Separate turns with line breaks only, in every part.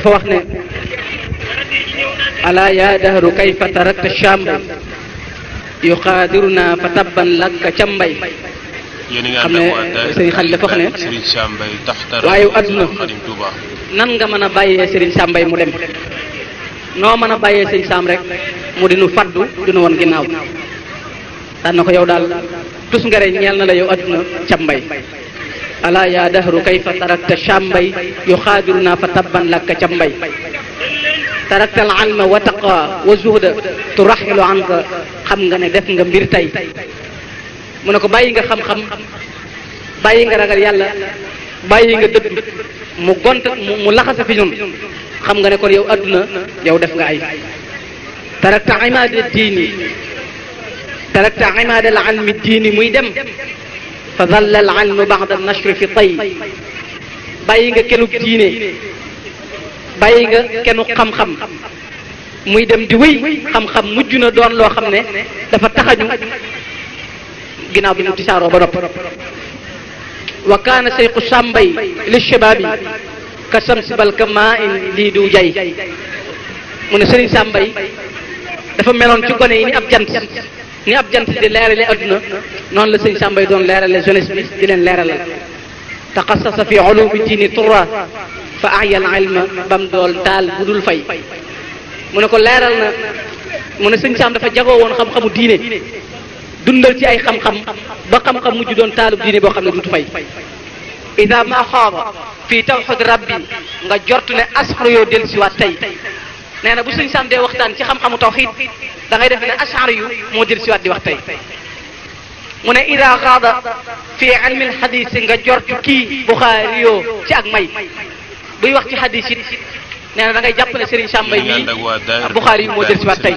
dafa wax ne alaa yaa dahru kayfa tarakta chambre yuxaadiruna fa tabban lakka cambay
xam ne sëriñ Xalil dafa wax ne adduna
nan nga mën a bàyyee sëriñ Sàmbay mu dem noo mën a bàyyee sëriñ Sàmb rek mu dinu faddu dinu woon ginnaaw daan na ko yow daal tus nga re ñeel na la yow adduna cambay alaa yaa dahru kayfa tarakta chambay yuxaadiruna fa tabban lakka cambay tarakta al alma wa taqa wa zuhda turaxilu anka xam nga ne def nga mbir tey mu ne ko bàyyi nga xam-xam bàyyi nga ragal yàlla bàyyi nga dëdd mu gont mu laxasa fi ñun xam nga ne kon yow adduna yow def nga ay tarakta imaada diini tarakta imaada al almi diini muy dem fa dalla al ilmu ba'da an nashri fi tay bàyyi nga kenuk diine bàyyi nga kenu xam-xam muy dem di wéy xam-xam mujj na doon loo xam ne dafa taxañu ginnaaw bi ñu tisaaroo ba nopp wa kaana sayqu sàmbay li shabaabi ka sams bal ka maa in lii du jay mu ne sëriñ sàmbay dafa meloon ci gone yi ni ab jant ni ab jant di leerale adduna noonu la sëñ Sàmbay doon leerale jeunesse bi di leen leeralal taxassasa fi ulumi diini turra fa ayal ilma bam dool taal bu dul fay mu ne ko leeral na mu ne sëñ Sàmb dafa jagoo woon xam-xamu diine dundal ci ay xam-xam ba xam-xam mujj doon taalub diine boo xam ne dutu fay idaa ma xaaba fii tawxid rabbi nga jot ne asxar yoo dellusiwaat tey nee na bu sëñ Sàmb dee waxtaan ci xam-xamu tawxid da ngay def ne ashar yu moo dir siwaat di wax tey mu ne ida xaada fi ilmi lxadis nga jortu kii buxaari yoo ci ak may buy wax ci xadis it nee na da ngay jàpp ne Serigne Samba yi Buxaari yi moo jël si waat tey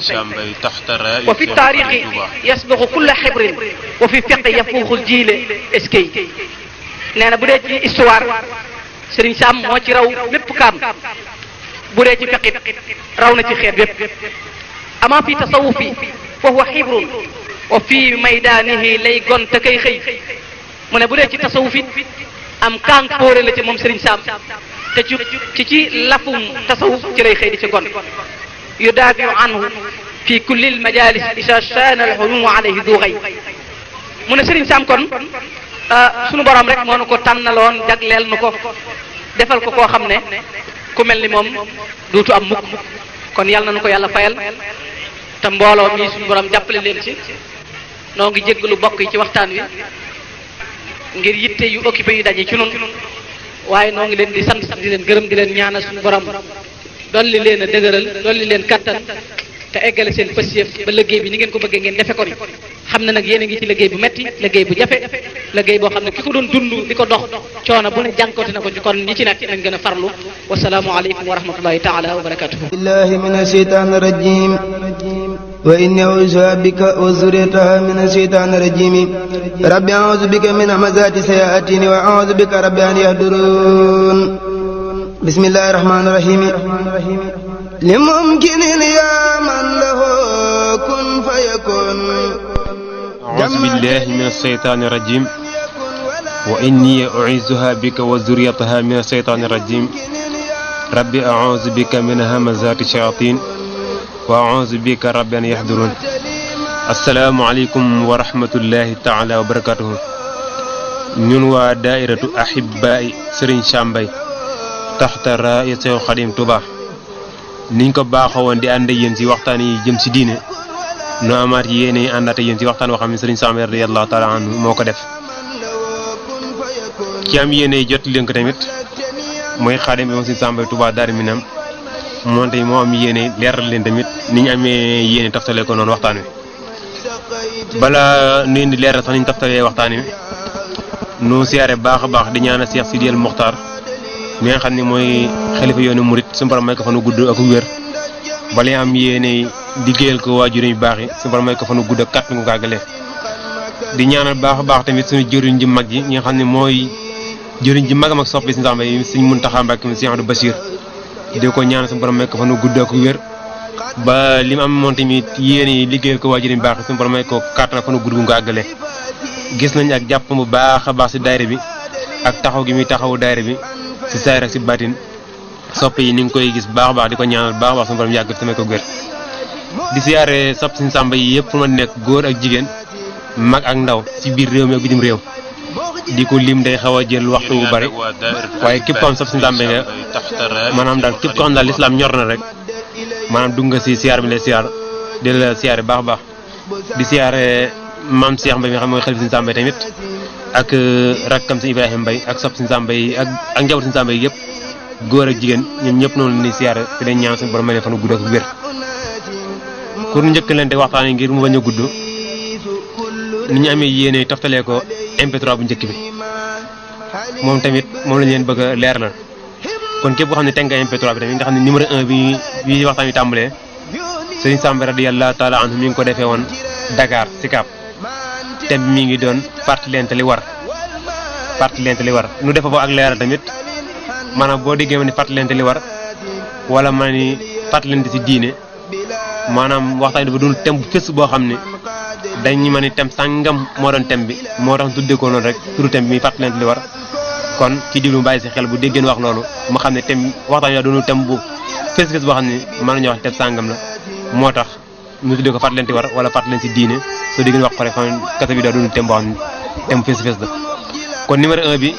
wa fi taarixi
yasbuqu kulla xibrin wa fi fiqi yafuuxul jiile eskay nee na bu dee ci histoire Serigne Sam moo ci raw lépp kaam bu dee ci fiqit raw na ci xeet yépp ama fi tasawufi wa huwa xibrun wa fii maydaanihi lay gon te kay xëy mu ne bu dee ci tasawuf it am kàng póore la ci moom Serigne saam te ci ci ci lafum tasawuf ci lay xëy di ci gon yudaafiu anhu fi kulli l majalis isa saana alxulumu alayhi du xëy mu ne Serigne Sam kon sunu borom rek moo nu ko tànnaloon jagleel nu ko defal ko koo xam ne ku mel ni moom duutu am mukk kon yàlla na nu ko yàlla fayal te mbooloo mii suñu borom jàppale leen ci noo ngi lu bokk yi ci waxtaan wi ngir yitte yu occupé yu daje ci nun waaye noo ngi leen di sant di leen gërëm di leen ñaanal suñu borom dolli leen a dëgëral dolli leen kattan te eggale seen fas yëf ba liggéey bi ni ngeen ko bëggee ngeen defe ko ni xam na nag yéen a ngi ci liggéey bu metti liggéey bu jafe liggéey boo xam ne ki ko doon dund di ko dox coono bu ne jànkote na ko ci kon ñi ci nekk nañ gën a farlu wasalaamu aleykum wa rahmatullahi taala wa barakatuhu
billahi min asheytaan rajim wa inni a bika wa zuriyataha min asheytaan rajimi rabbi auzu bika min hamazati sayaatini wa auzu bika rabbi an yahdurun لممكن اليوم له كن فيكون
أعوذ بالله من الشيطان الرجيم وإني أعيذها بك وذريتها من الشيطان الرجيم ربي أعوذ بك من همزات الشياطين وأعوذ بك رب أن يحضرون السلام عليكم ورحمة الله تعالى وبركاته ñun waa daairatu ahibaay Serigne Sam Mbaye taxta raaya Seex Xadim Touba niñ ko baaxoo woon di ànd ak ci waxtaan wi jëm ci diine nu amaat yéene àndaat ak yéen ci waxtaan boo xam ne sëriñ Sam radiyallahu taala anhu moo ko def ci am yéene jot leen ko tamit mooy xaadim bi moom sëriñ Sam Mbaye Touba Darou Minam moonte moo am yéene leeral leen tamit ni ñu amee yéene taftale ko noonu waxtaan wi bala nuy indi leeral sax ni taftalee waxtaan wi nu siyaare baax a baax di ñaanal Cheikh Sidy El Mokhtar mi nga xam ne mooy xalifa yoonu murit suñu borom may ko fanu gudd ak wér bala am yéene liggéeyal ko waajur yu baax yi suñu borom may ko fanu gudd ak kàttan ko gàggale baax a baax tamit suñu jëriñ ji mag ji ñi xam ne mooy jëriñ ji mag a mag soppi suñu samba yi suñu Muntaxa Mbàkke mi Sëriñ Abdu Basiir di ko ñaanal suñu borom may ko fanu gudd ak wér ba li mu am moom tamit yéene liggéeyal ko waajur yu baax yi suñu borom may ko kàttan ak fanu gudd ko gàggale gis nañ ak jàpp bu baax a baax si daayira bi ak taxaw gi muy taxawu daayira bi si saayir ak si baatin sopp yi ni ngi koy gis baax baax di ko ñaanal baax baax suñu borom yàgg fi tamit ko gër di siyaare sopp suñu sàmba yi yëpp fu ma nekk góor ak jigéen mag ak ndaw ci biir réew mi ak bitim réew di ko lim day xaw a jël waxtu bu bari waaye képp ko xam sopp suñu sàmba nga maanaam daal képp ko xam daal lislaam ñor na rek maanaam dugg nga si siyaar bi lay siyaar di la siyaare baax baax di siyaare maam Cheikh Mbaye mi xam mooy xalif Sëriñ Sam Mbaye tamit ak euh, rakkam Sëriñ Ibrahima mbay ak sopp Sëriñ Sam ak ak njaboot Sëriñ Sam góor ak jigéen ñoom ñëpp noonu la ñuy siyaare te dañ ñaan suñu waxtaan yi ngir mu a gudd ni ñu amee ko mp bu njëkk bi tamit moom lañ leen bëgg a leeralal kon xam ne teg nga MP3 xam ne numéro 1 bi bi waxtaan wi tàmbalee Sëriñ Sam Mbaye radiyallahu mi ngi ko defee woon Dakar Sicap thème mii ngi doon fàttalente li war fàttalente li war nu defa boo ak leeral tamit maanaam boo déggee ma ni fàttalente li war wala ma ni fàttalente ci diine maanaam waxtaan dafa doon thème bu fës boo xam ne dañu ma ni thème sàngam moo doon thème bi moo tax tuddee ko noonu rek turu thème li war kon ci diglu mu bàyyi si xel bu déggeen wax loolu mu xam ne thème waxtaan wi daa doon thème bu fës boo xam ne mën nañu wax thème sàngam la moo tax mu tuddee ko fàttali leen ci war wala fàttali leen ci diine soo déggee wax ko rek xam kese bi daa doon thème fees fees la kon numéro bi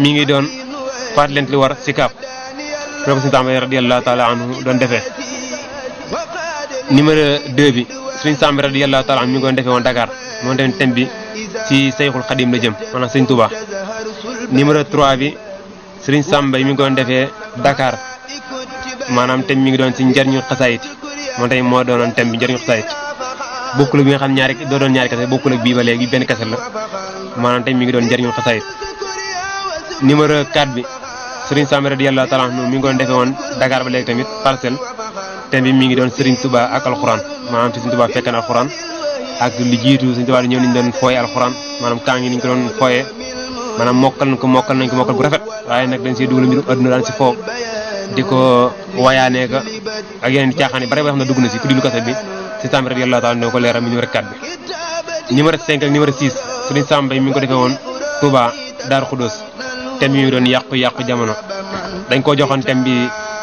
mi ngi doon fàttali leen li war si kaab loolu ko Samba radiyallahu taala anhu doon defee. numéro 2 bi suñu Samba radiyallahu taala anhu mi ngi doon defee woon Dakar moom tamit thème bi si Seyxul Xadim la jëm maanaam Sëñ Touba numéro 3 bi Sëriñ Samba mi ngi doon defee Dakar maanaam te mi ngi doon si njariñu xasaayit moom tamit moo doonoon thème bi njëriñu xasaayit bokkul bi nga xam ñaari doo doon ñaari kase bokkul ak bii ba léegi benn kase la maanaam tamit mi ngi doon njëriñu xasaayit numéro 4 bi Serigne Sam radiyallahu taala anhu mi ngi doon defee woon Dakar ba léegi tamit parcelle thème bi mi ngi doon Serigne Touba ak alxuraan maanaam fi Serigne Touba fekk na alxuraan ak lu jiitu Serigne Touba ñëw nañu doon fooye alxuraan maanaam kaa ngi ni ko doon fooyee maanaam mokkal nañ ko mokkal nañ ko mokkal bu rafet waaye nag dañ siy dugal mbirum adduna daan si foo di ko wayaanee ka ak yeneen caaxaan yi bare ba xam ne dugg na si ku di lu kase bi si sàmm bi radiyallahu taala ne ko leeral bi. numéro 5 ak numéro 6 Serigne Sam bi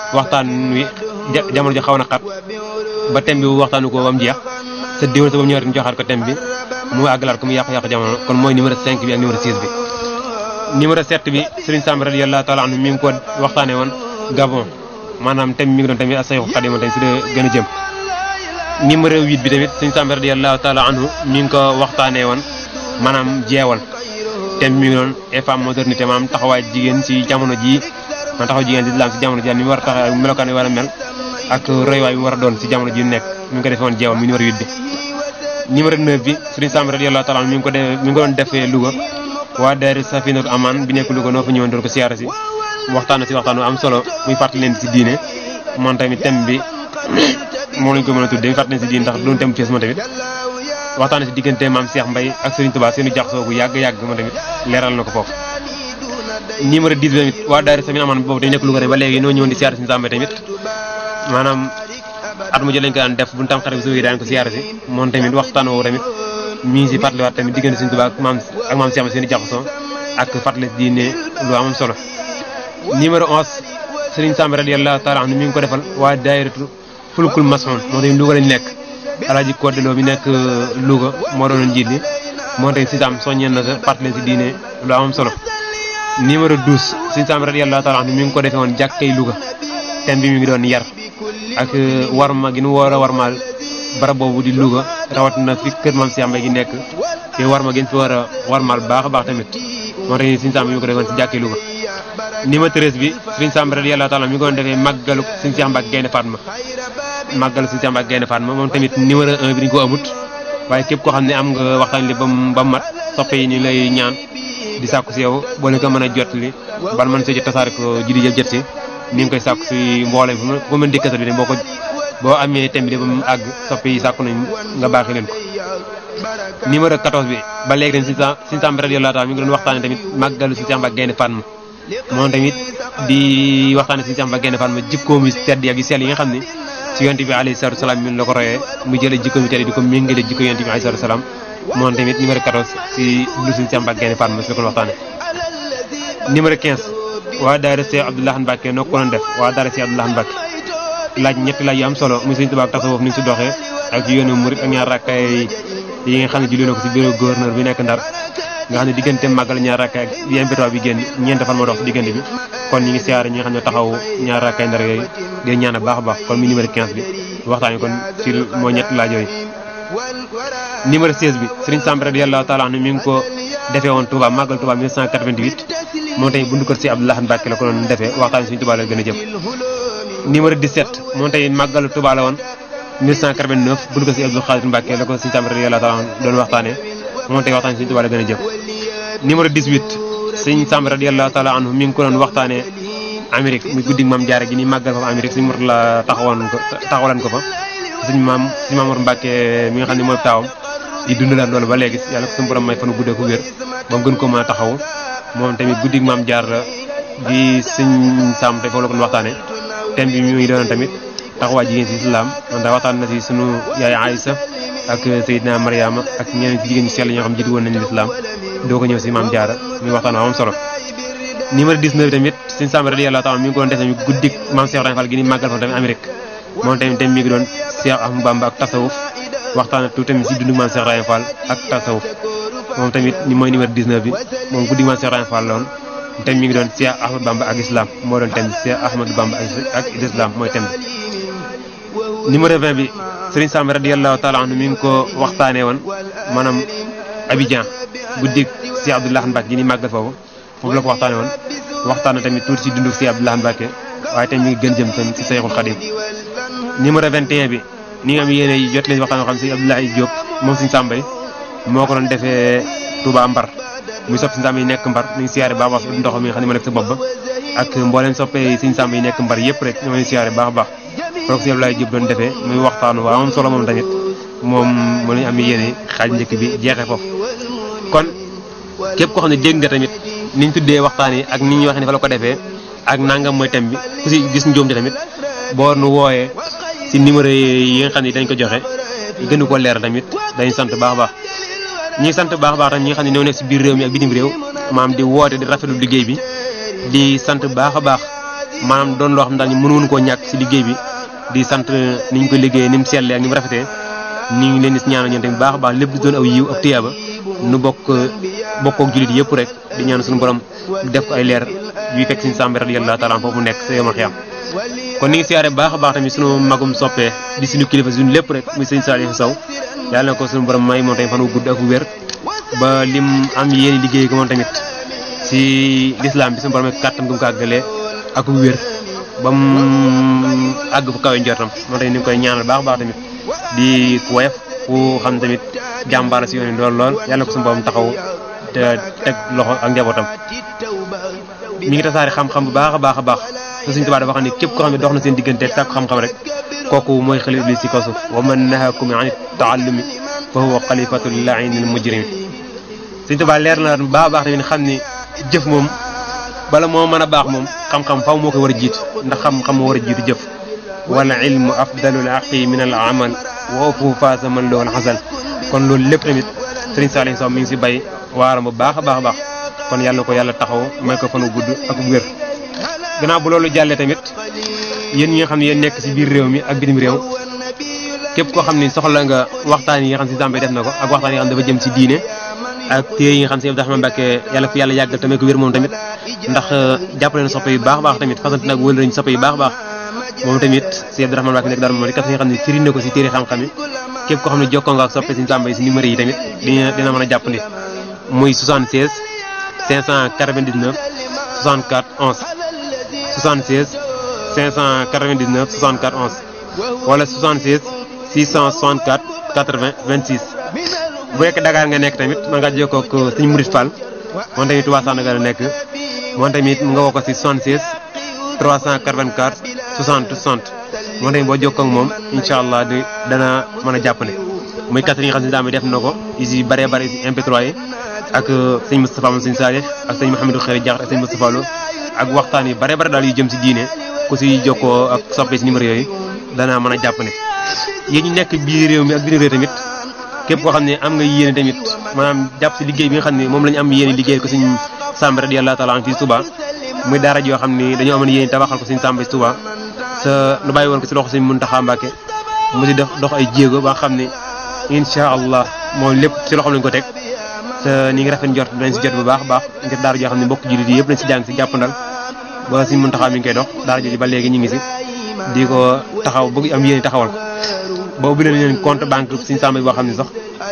waxtaan wi na xat ba thème bi waxtaanu ko ba mu jeex sa sa ba mu ñëwaat ko thème bi mu àggalaat ko mu yàqu-yàqu jamono kon mooy numéro 5 bi ak numéro 6 bi. numéro mi ko waxtaanee woon. Gabon maanaam thème mi ngi doon tamit ak Sayxu Xadim tamit si la gën a jëm. numéro 8 bi tamit suñu sàmm radiyallahu mi ngi ko waxtaanee woon maanaam jeewal thème mi ngi doon et femme modernité maanaam taxawaay jigéen si jamono jii man taxaw jigéen si lislaam si jamono jii ak ni war a tax melokaan war a mel ak roywaay bi mu war doon si jamono ji nekk mi ngi ko defee woon jeewal mi numéro 8 bi. numéro ngi ko defee mi ngi ko doon defee Louga. waa daari Safinatul Aman bi nekk Louga noo fa ñëwoon doon ko siyaara si waxtaan ci waxtaan bu am solo muy fàttali leen ci diine moom tamit thème bi moom lañ ko mën a tuddee fàttali leen ci diine ndax doon thème Thiès moom tamit waxtaan ci diggante maam Cheikh Mbaye ak Serigne Touba seenu jaxasoo bu yàgg yàgg moom tamit leeral na ko foofu. numéro bi tamit waa Daara Samina amaan boobu dañ nekk Louga rek ba léegi ñoo ñëwoon di siyaar si Samba tamit maanaam at mu jël lañ ko def bu ñu tam xarit bi daan ko siyaar si tamit waxtaan woowu tamit mi ngi si fàttaliwaat tamit diggante Serigne Touba ak maam ak maam Cheikh Mbaye seenu jaxasoo ak fàttali ci diine lu am solo numéro 11 Serigne Samb radiyallahu taala anhu mi ngi ko defal waa daayiratu fulkul masoon moo tax Louga lañ nekk alaaji Kodelo bi nekk euh, Louga moo doon njiit moo tax si tam soññeen na diine lu am solo numéro 12 Serigne Samb radiyallahu taala anhu mi ngi ko defee woon jàkkay Louga thème bi mi ngi doon yar ak euh, warma gi nu war a warmaal boobu di Louga rawatina fi kër maam si Amba gi nekk te warma gi fi war a warmaal baax a baax moo tax Serigne ngi ko defee woon si jàkkay Louga numéro 13 bi Serigne Sam radiyallahu taala mi ngi ko doon defee màggalu Serigne Cheikh Mbacke Gaynde Fatma màggalu Serigne Cheikh Mbacke Gaynde Fatma moom tamit numéro 1 bi dañu ko amut waaye képp koo xam ne am nga waxtaan li ba mu ba mu mat soppe yi ñu lay ñaan di sàkku si yow boo leen ko mën a jot li ban mën see jot tasaare ko ji di jël jot si ni ngi koy sàkku si mboolem fu mu mën di kese bi de boo ko boo amee thème bi de ba mu àgg soppe yi sàkku nañ nga baaxee leen ko. numéro 14 bi ba léegi dañ si sa si Sam radiyallahu taala mi ngi doon waxtaanee tamit màggalu si Samba Gaynde Fatma moom tamit di waxtaane suñu Samba Gaynde Fatma jikkoom yu tedd ak yu sell yi nga xam ne ci yonte bi alayhi salaatu salaam min la ko royee mu jëlee jikkoom yu tedd di ko méngale jikko yonte bi tamit numéro 14 ci lu suñu Samba Gaynde Fatma si la ko waxtaane numéro 15 waa ko doon def waa daara Cheikh Abdoulaye Mbacke laaj am solo muy suñu tubaab tasawuf ni ñu si doxee ak yoonu murid ak ñaar rakkay yi nga xam ne julli na ko ci bureau gouverneur bi nekk Ndar nga xam ne diggante ñaar rakka ak yem bitaw bi génn ñeenti fan moo dox diggante bi kon ñu ngi a baax a baax kon bi waxtaan wi kon ngi ko defee woon Touba màggal Touba 1988 moom tey bundu kër si Abdoulaye Mbacke la ko doon defee waxtaan suñu Touba la gën a jëm numéro 17 tey màggal Touba la woon 1989 bundu kër si Abdou la ko Serigne Samb radiyallahu taala doon waxtaanee moom tey waxtaan si Sëñ Tuubaa la gën a jëf mi ko doon waxtaanee Amérique muy guddi maam jaare gi ni màggal fa Amérique sëñ Murtala taxawoon ko taxawalan ko fa sëñ maam sëñ Mamour Mbacke mi nga xam ne mooy taawam di dundalaat loolu ba léegi yàlla ko suñu borom may fanu guddee ko ko mën a taxaw moom tamit guddi maam jaar bi sëñ Samb tey foofu la ko doon waxtaanee thème bi mi ngi doon tamit taxawaay jigéen si islam man daa waxtaan na si sunu yaay Aïssa ak Seydina Mariama ak ñeneen ci jigéen ñi sell ñoo xam jiitu woon nañu lislaam doo ko ñëw si maam Jaara muy waxtaan am solo numéro 19 tamit suñ sàmm radiyallahu taala mi ngi ko doon def tamit guddik maam Cheikh Ibrahima Fall gi ni màggal fa tamit Amérique moom tamit tamit mi ngi doon Cheikh Ahmadou Bamba ak tasawuf waxtaan tamit si dundu maam Cheikh Ibrahima Fall ak numéro 19 bi moom guddik maam Cheikh Ibrahima Fall la woon mi ngi doon Cheikh Ahmadou Bamba ak islam moo doon tamit Cheikh Ahmadou Bamba ak islam mooy tamit numéro 20 bi Serigne Sam radiyallahu taala anhu mi ngi ko waxtaanee woon maanaam bu guddi si Abdoulaye Mbacke gi ni màggal foofu foofu la ko waxtaanee woon waxtaan tamit tuuti si dundu si Abdoulaye Mbacke waaye tamit mi ngi gën jëm sa si Seyxul ni numéro 21 bi ni nga am yéen ay jot leen waxtaan yoo xam si Abdoulaye Diop moom Serigne Sam Mbaye moo ko doon defee Touba Mbar muy sopp Serigne Sam yi nekk Mbar ñu ngi siyaare ndox mi nga xam ne ma nekk sa yi nekk Mbar yëpp rek ñoo ngi siyaare baax baax kon ak si Abdoulaye Diop doon defee muy waxtaanu waa moom solo moom tamit moom mu lañu am yéene xaaj njëkk bi jeexe foofu kon képp ko xam ne dégg nga tamit ni ñu tuddee waxtaan yi ak ni ñu waxee ne ko defee ak nangam mooy thème bi ku si gis njuumte tamit boo nu wooyee si numéro yi nga xam ne dañ ko joxe gënu ko leer tamit dañ sant baax baax ñi sant baax baax tam ñi nga xam ne ñoo nekk si biir réew mi ak bitim réew maam di woote di rafetlu liggéey bi di sant baax a baax maanaam doon loo xam ne daal ñu mënuwoon koo ñàkk si liggéey bi di sant ni ñu ko liggéeyee ni mu sellee ak ni mu rafetee ni ngi leen di ñaanal ñeen tamit baax baax lépp di doon aw yiw ak tuyaaba nu bokk bokkook jullit yëpp rek di ñaan suñu borom def ko ay leer yuy fekk suñu sàmbi radiyallahu taala foofu mu nekk sa yomal xiyam kon ni ngi siyaare baax baax tamit sunu magum soppee di suñu kilifa suñu lépp rek muy sëñ Saliou Sow yàlla na ko suñu borom may moom tamit fan wu gudd ak wér ba lim am yéen liggéey ko moom tamit si l'islam bi suñu borom kàttan gu mu ko àggalee ak wér àgg fu kawe njortam moo tax ñu ngi koy ñaanal baax baax tamit di ku woyof xam tamit jàmbaar la si yoon yi lool lool yàlla na ko suñu boppam taxaw te teg loxo ak njabootam. mi ngi tasaare xam-xam bu baax a baax a baax te suñu tubaab dafa xam ne képp koo xam ne dox na seen diggante sàkku xam-xam rek kooku mooy xalifa iblis si kaw suuf wa man nahakum ani taallumi fa huwa xalifatu lainil mujrimin suñu tubaab leer na baax a baax tamit xam ni jëf moom bala moo mën a baax moom xam-xam faw moo koy war a jiit ndax xam-xam moo war a jiitu jëf wal ilmu afdalul aqi min al amal wa fu faasa man lool xasan kon loolu lépp tamit Serigne Saliou Sow mi ngi si bay waaram bu baax a baax a baax kon yàlla na ko yàlla taxaw may ko fanu gudd ak wér. gannaaw bu loolu jàllee tamit yéen ñi nga xam ne nekk si biir réew mi ak bitim réew képp koo xam ne soxla nga waxtaan yi xam si Samba def na ko ak waxtaan yi nga xam dafa jëm si diine. ak téere yi xam si Abdou Rahmane Mbacké yàlla yàlla yàggal tamit ko wér moom tamit ndax euh, jàppale na soppe yu baax baax tamit fasante nag wëlë nañ soppe yu baax baax moom tamit si Abdourahmane Mbacké nekk daal moom li kat nga xam ne firi na ko si téere xam-xam yi képp koo xam ne jokkoo nga ak soppe si Bamba yi si numéro yi tamit dina dina mën a jàppandi muy 76 599 64 11 76 599 64 wala 76 664 80 26 bu fekkee nekk tamit mën ngaa jokkoo ak sëñ Mouride Fall moom tamit 60 60 moo tax boo jokkoo ak moom incha di dana mën a jàppale. muy quatre yi nga xam ne daam bi def na ko is yu bëree bëri MP3 yi ak euh, ak sëñ Mouhamadou Xëri Jaxate ak sëñ Moustapha Lo yi bare bare daal yu jëm si diine ku si jokkoo ak soppe si numéro yooyu danaa mën a jàppale. yéen ñi nekk biir réew mi ak biir réew tamit képp am nga yéene tamit maanaam jàpp si liggéey bi moom la ñu am yéene liggéey ko sëñ Sàmb radiyallahu taala muy daara joo xam ne dañoo amoon yéene tabaxal ko sëñ Sàmb Touba sa lu bàyyi woon ko ci loxo sëñ Muntaxa Mbàkke mu ci def dox ay jéego ba xam ne incha allah moom lépp ci loxo lañ ko teg te ni ngi rafet jot dañ ci bu baax baax ngir daara joo xam ne mbokk jullit yëpp lañ ci jàng ci jàppandal ba sëñ Muntaxa mi ngi koy dox daara ba léegi ñu ngi ci di ko taxaw bëgg am yéene taxawal ko ba ubbi nañ leen banque suñ sàmm boo xam ne sax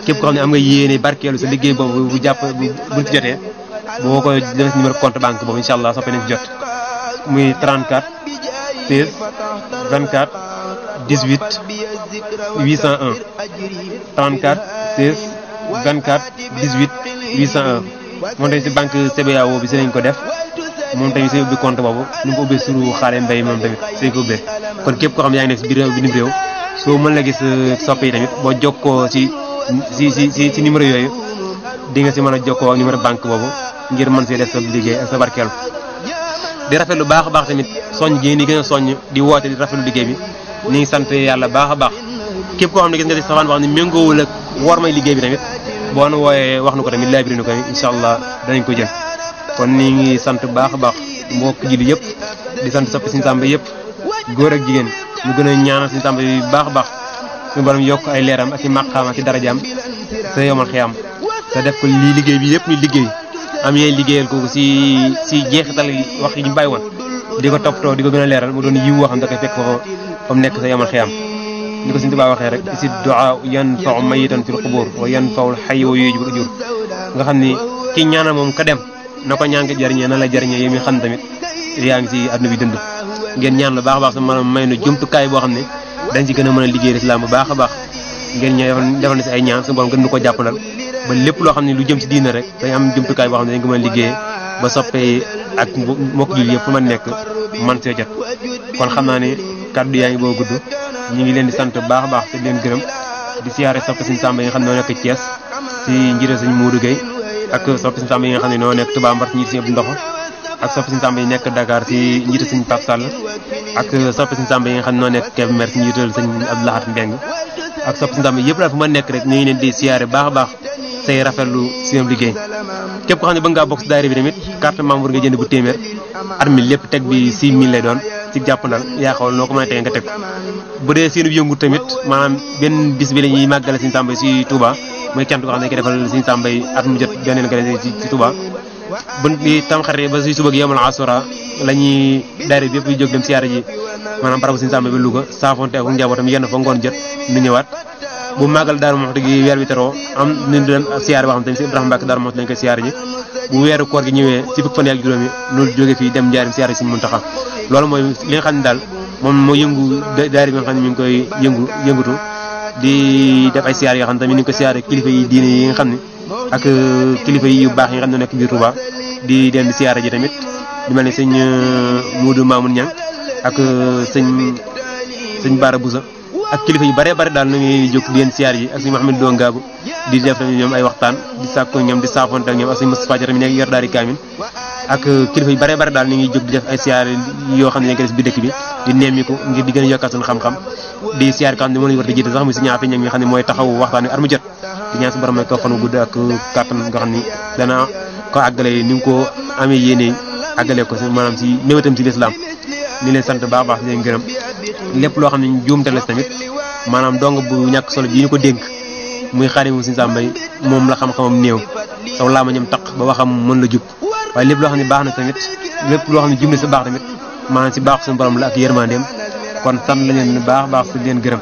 képp koo xam ne am nga yéene barkeelu sa liggéey boobu bu jàpp bu ci jotee ko def banque boobu incha allah soppee nañ jot muy 34 16 24 18 801 34 16 24 18 801 moom tamit si banque CBAO bi si lañ ko def moom tamit si ubbi compte boobu nu mu ko ubbee suru xaale mbay moom tamit si lañ ko ubbee kon képp ko xam yaa ngi nekk si biir bitim réew soo mën la gis euh, soppe yi tamit boo jokkoo si si si ci si numéro yooyu di nga si mën a jokkoo ak numéro banque boobu ngir mën see def sa liggéey ak sa barkeelu di rafet lu baax a baax tamit soññ gi ni gën a soññ di woote di rafetlu liggéey bi ni ngi sant yàlla baax a baax képp koo xam ne gis nga si safaan boo xam ne méngoowul ak war may liggéey bi tamit boo nu wooyee wax nu ko tamit laabiri nu ko incha allah danañ ko jël kon ni ngi sant baax a baax mbokk ji li yëpp di sant soppi suñu Samba yëpp góor ak jigéen ñu gën a ñaanal suñu Samba bi baax a baax suñu borom yokk ay leeram ak i màqaam ak i darajaam sa yomal xiyam te def ko liggéey bi yëpp ñu liggéey am yéen liggéeyal kooku si si jeexital wax yi ñu bàyyi woon di ko toppatoo di ko gën a leeral mu doon yiw woo xam da koy fekk foofu fa mu nekk sa yamal xiyam ni ko suñu tubaab waxee rek si du'a yanfa'u mayitan fil qubur wa yanfa'u al-hayy wa yujibul ujur nga xam ni ki ñaanal moom ka dem na ko ñaan ko jariñee na la jariñee yi muy xam tamit yaa ngi si àdduna bi dund ngeen ñaan lu baax a baax sa maanaam may na jumtukaay boo xam ne dañ si gën a mën a liggéey lislaam bu baax a baax ngeen ñaan defal na si ay ñaan su borom gën nu ko jàppalal ba lépp loo xam ne lu jëm ci diine rek dañ am jumtukaay boo xam ne dañ a liggéey ba soppee ak mbokk yi yëpp ma nekk man see jot kon xam naa ne kàddu yaa ngi boo gudd ñu ngi leen di sant baax a baax leen gërëm di siyaare soppe suñu sàmba nga xam ne noo nekk Thiès si njëriñ suñu Mourou ak soppe suñu sàmba yi nga xam ne noo nekk Touba Mbar si njiit suñu Abdou Ndoxo ak soppe suñu sàmba yi nekk Dakar si njiit suñu Pape Sall ak soppe nga xam ne noo nekk Kébémer si njiital suñu Abdou Lahat Mbeng ak soppe suñu sàmba yëpp daal fu ma nekk rek ñu ngi leen di siyaare baax a baax tey rafetlu seen liggéey képp ko xam ne bëgg ngaa bokk si daayira bi tamit carte membre nga jënd bu téeméer at mi lépp teg bi 6000 lay doon ci jàpp jàppandal yaa xawal noo ko mën tege nga teg bu dee seen yëngu tamit maanaam benn bis bi la ñuy màggale Serigne Sam Mbaye si Touba mooy cant ko xam ne ki defal at mu jot beneen nga def ci Touba bu tam xarit ba si suba gi yemal asura la ñuy daayira bi yëpp yu jóg dem siyaare ji maanaam barabu si Sam Mbaye bi Louga saafonte ak njabootam yenn fa ngoon jot nu bu màggal Daaru Muxti gi weer wi teroo am nañ leen siyaar boo xam tamit si Ibrahima Mbàkke Daaru weeru koor gi ñëwee si fukk fan ak juróom yi loolu jóge fii dem njaarim siyaar yi Sëriñ loolu mooy li nga xam ne daal moom moo yëngu daayira bi nga xam ne mi ngi koy yëngu yëngutu di def ay siyaar yoo xam ne tamit ni ngi ko siyaare kilifa yi diine yi nga xam ne ak euh, kilifa yu baax yi nga xam ne nekk biir Touba di dem di siyaare ji tamit di mel ne sëñ euh, Modou Mamoun Niang ak euh, sëñ sëñ Bara Boussa ak kilifa yu bare bare daal nu ngi jóg di leen siyaar yi ak suñu Mouhamadou Doo di def tamit ñoom ay waxtaan di sàkku ñoom di saafonte ak ñoom ak suñu Moustapha Diatta mi jóg di yoo xam ne dañ koy des bi dëkk bi di a yokkaat suñu xam-xam di siyaar ko xam mooy taxaw waxtaan wi at mu jot di ñaan su borom ko fan gudd ak kàttan nga xam ne dana ko àggale ni nga ko amee yéene àggale ko maanaam si méwatam si lislaam li leen sant baax baax di leen gërëm lépp loo xam ne ñu juumte la tamit maanaam dong bu ñàkk solo bi ñu ko dénk muy xarimu si sàmbay moom la xam-xamam néew saw laa ma ñam taq ba waxam mën la jub waaye lépp loo xam ne baax na tamit lépp loo xam ne jumle si baax tamit maanaam si baax suñu borom la ak yërmandeem kon sant la leen baax baax si leen gërëm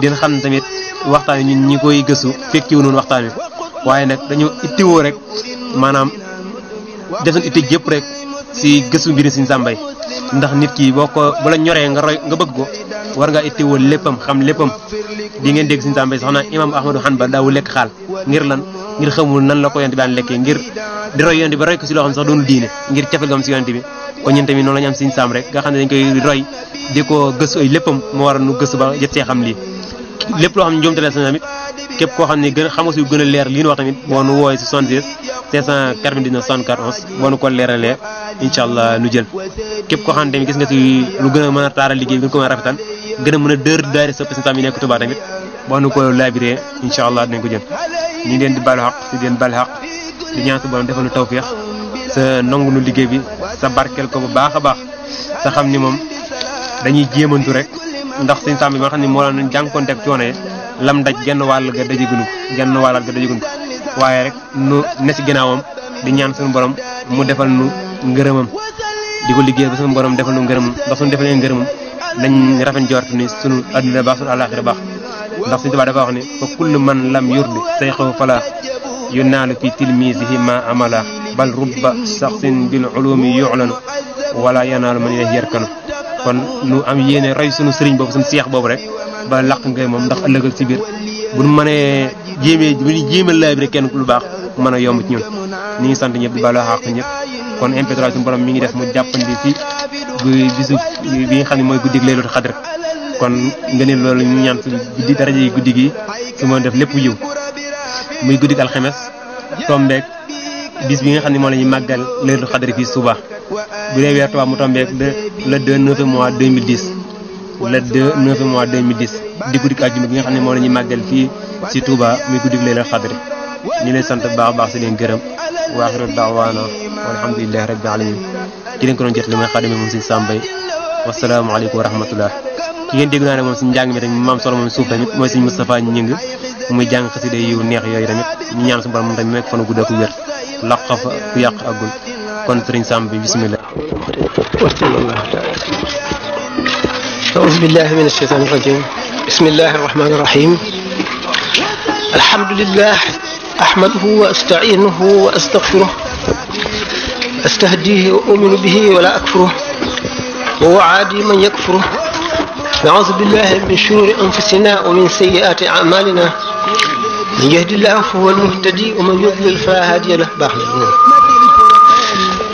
dina xam ne tamit waxtaan wi ñun ñi koy gëstu fekkiwu noonu waxtaan wi waaye nag dañoo ittiwoo rek maanaam desoon itti jëpp rek si gëstu mbiri Sëriñ Sàmba yi ndax nit ki boo ko bu la ñoree nga nga bëgg ko war ngaa itteewoo léppam xam léppam di ngeen dégg Sëriñ Sàmba yi sax na xan ba Hanbal daawu lekk xaal ngir lan ngir xamul nan la ko yonte bi daan lekkee ngir di roy yonte bi roy ko si loo xam ne sax doonu diine ngir cafel gam si yonte bi kon ñun tamit noonu la ñu rek nga xam ne dañ koy roy di ko gëstu ay léppam moo war a nu gëstu ba jët see xam lii lépp loo xam ne njuumte la tamit képp koo xam ne gën xam nga si gën a leer li ñu wax tamit boo nu woowee si 76 599 64 11 boo nu ko leeralee incha allah nu jël képp ko xam ne tamit gis nga si lu gën a mën a taaral liggéey bi gën ko mën a rafetal gën a mën a dër daari soppi sam yi nekk Touba tamit boo nu ko labiré ko jël ñu leen di balu xaq di leen balu xaq di ñaan sa borom defal sa nangu lu liggéey bi sa barkeel ko bu baax a baax sa xam ni moom dañuy jéemantu rek ndax suñu sàmm bi nga xam ne moo la jànkoonteeg coono yi lam daj genn wàll ga dajagunu ko ga waaye rek nu ne ci ginnaawam di ñaan suñu borom mu defal nu ngërëmam di ko liggéey ba suñu borom defal nu ngërëmam ndax suñu defalee ngërëmam dañ rafet jort ni suñu adduna baax suñu ndax suñu tubaab dafa fa kullu man lam yurdi say xaw fala yu naalu fi tilmisihi ma amala bal rubba saxsin bil ulumi yuxlanu wala yanaalu man ilayhi yarkanu kon nu am yéene roy suñu sëriñ boobu suñu seex boobu rek ba laq ngay moom ndax ëllëg ak si biir bu nu mënee jéemee bu ñu kenn ku lu baax mën a yomb ci ñun ñu ngi sant ñëpp di baalu àq ñëpp kon MP3 suñu mi ngi def mu jàppandi si bu bisu bi nga xam ne mooy guddi gi Laylatul Qadr kon nga ne loolu ñu ñaan suñu guddi gi su ma def lépp yiw muy guddi alxames tombeek bis bi nga xam ne moo la ñuy màggal Laylatul Qadr fii Touba bu dee weer Touba mu tombeek le 2 novembre 2010 le 2 9 mois 2010 di guddi àjjuma gi nga xam ne moo la ñuy màggal fii ci Touba muy guddi Laylatul Qadri ñu lay sant bu baax a baax si leen gërëm wa axiru daawaana alhamdulillahi rabbil alamin ci leen ko doon jot li may xaadime moom si Sambay wasalaamaaleykum wa rahmatullah ki ngeen dégg naa ne moom si njàng mi tamit maam solo moom suuf tamit mooy suñu Moustapha Ñing muy jàng xasida yu neex yooyu tamit ñu ñaan su borom moom tamit mekk fan gudd ak wér laq fa ku yàq agul kon sëriñ Samb bi bismillah
أعوذ بالله من الشيطان الرجيم بسم الله الرحمن الرحيم الحمد لله أحمده وأستعينه وأستغفره أستهديه وأؤمن به ولا أكفره وهو عادي من يكفره نعوذ بالله من شرور أنفسنا ومن سيئات أعمالنا من يهد الله فهو المهتدي ومن يضلل فلا هادي له بحمد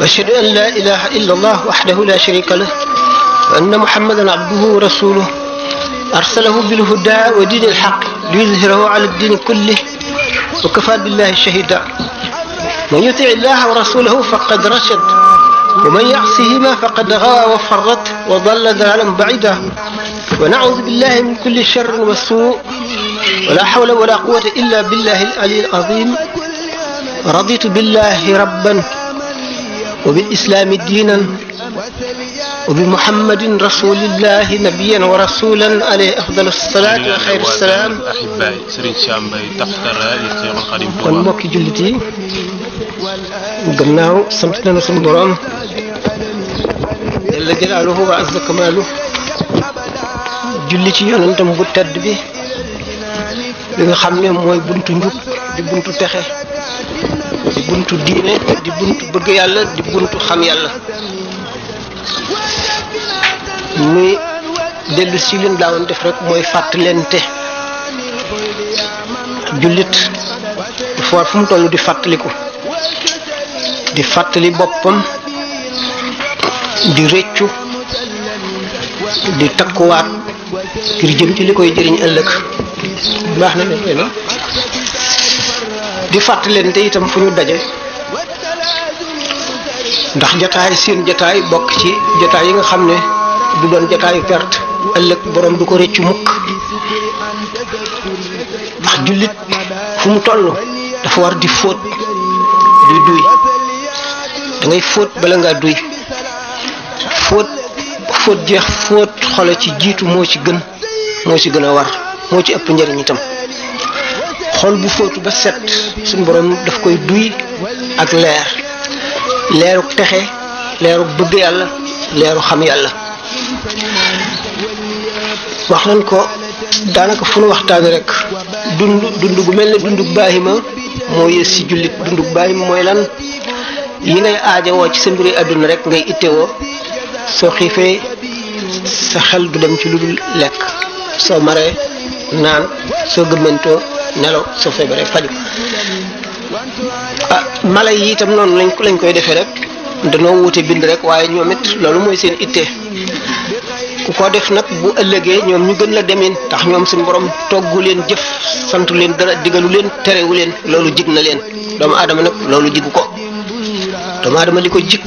وأشهد أن لا إله إلا الله وحده لا شريك له anna muhammadan abduhu wa rasuluh arsalahu bilhuda wa diini alxaq liyuzhirahu ala diini kullih wa kafa billahi shahida man yuti illaha wa rasulahu faqad rashad wa man yasihima faqad gawa wa farrat wa dalla dalalan baida wa naudu billahi min kulli sharrin wa suu wala hawla wala quwata illa billahi alali alazim raditu billahi rabban wa bilislami diinan وبمحمد رسول الله نبيا ورسولا عليه أفضل الصلاة وخير السلام
kon mbokki jullit
yi gannaaw sant nañu sunu borom jalla jalaaluhu wa azza kamaalu julli ci yonentam bu tedd bi li nga xam ne mooy buntu njub di buntu texe di buntu diine di buntu bëgg yàlla di buntu xam yàlla muy dellu si leen daawoon def rek mooy fàttalente jullit foor fu mu toll di fàttaliku di fàttali boppam di rëccu di takkuwaat ngir jëm ci li koy jëriñ ëllëg baax na di fàttalente itam fu ñu daje ndax jataay seen jataay bokk ci jataay yi nga xam ne du doon jataayu perte ëllëg borom du ko rëccu mukk ndax jullit fu mu toll dafa war di fóot di duy da fóot bala ngaa duy fóot fóot jeex fóot xole ci jiitu moo ci gën moo ci gën a war moo ci ëpp njëriñ itam xol bu fóotu ba set suñu borom daf koy duy ak leer leeru texe leeru bëgg yàlla leeru xam yàlla wax nañ ko daanaka fu nu waxtaan rek dund dund gu mel ni dund gu baahima moo yées si jullit dund baahima mooy lan yi ngay aajowoo ci sa mbiri àdduna rek ngay ittewoo soo xiifee sa xel du dem ci lu dul lekk soo maree naan soo gëmmantoo nelaw soo feebaree faju ah mala yi itam noonu lañ lañ koy defee rek danoo wuute bind rek waaye ñoom it loolu mooy seen ittee ku ko def nag bu ëllëgee ñoom ñu gën la demeen tax ñoom suñu borom toggu leen jëf santu leen dara digalu leen terewu leen loolu jig na leen doomu aadama nag loolu jigu ko doomu aadama li ko jig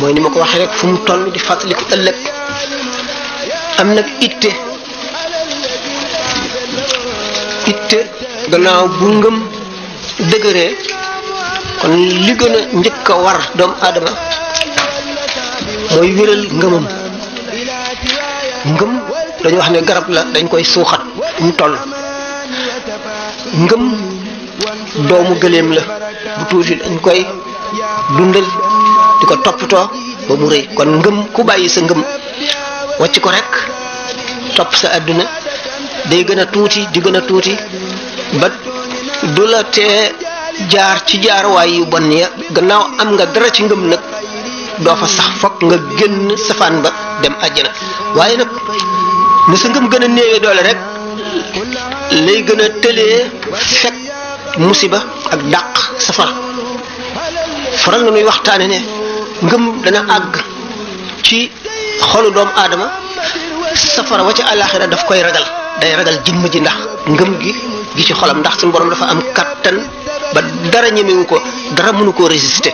mooy ni ma ko waxee rek fu mu toll di fàttaliku ëllëg am nag itte itte gannaaw bu ngëm dëgëree kon li gën a njëkk a war doomu aadama mooy wéral ngëmam ngëm dañu wax ne garab la dañ koy suuxat mu toll ngëm doomu gëléem la bu tuuti dañ koy dundal di ko toppatoo ba mu rëy kon ngëm ku bàyyi sa ngëm wàcc ko rek topp sa àdduna day gën a tuuti di gën a tuuti ba du la tee jaar ci jaarwaay yu bon ya gannaaw am nga dara ci ngëm nag doo fa sax fokk nga génn safaan ba dem àjjana waaye nag ne sa ngëm gën a néewee doole rek lay gën a tëlee fekk musiba ak dàq safara faral nga nuy waxtaane ne ngëm dana àgg ci xolu doomu aadama safara wa ca àllaaxira daf koy ragal day ragal jëmm ji ndax ngëm gi gi ci xolam ndax suñu borom dafa am kattan ba dara ñemewu ko dara mënu koo résister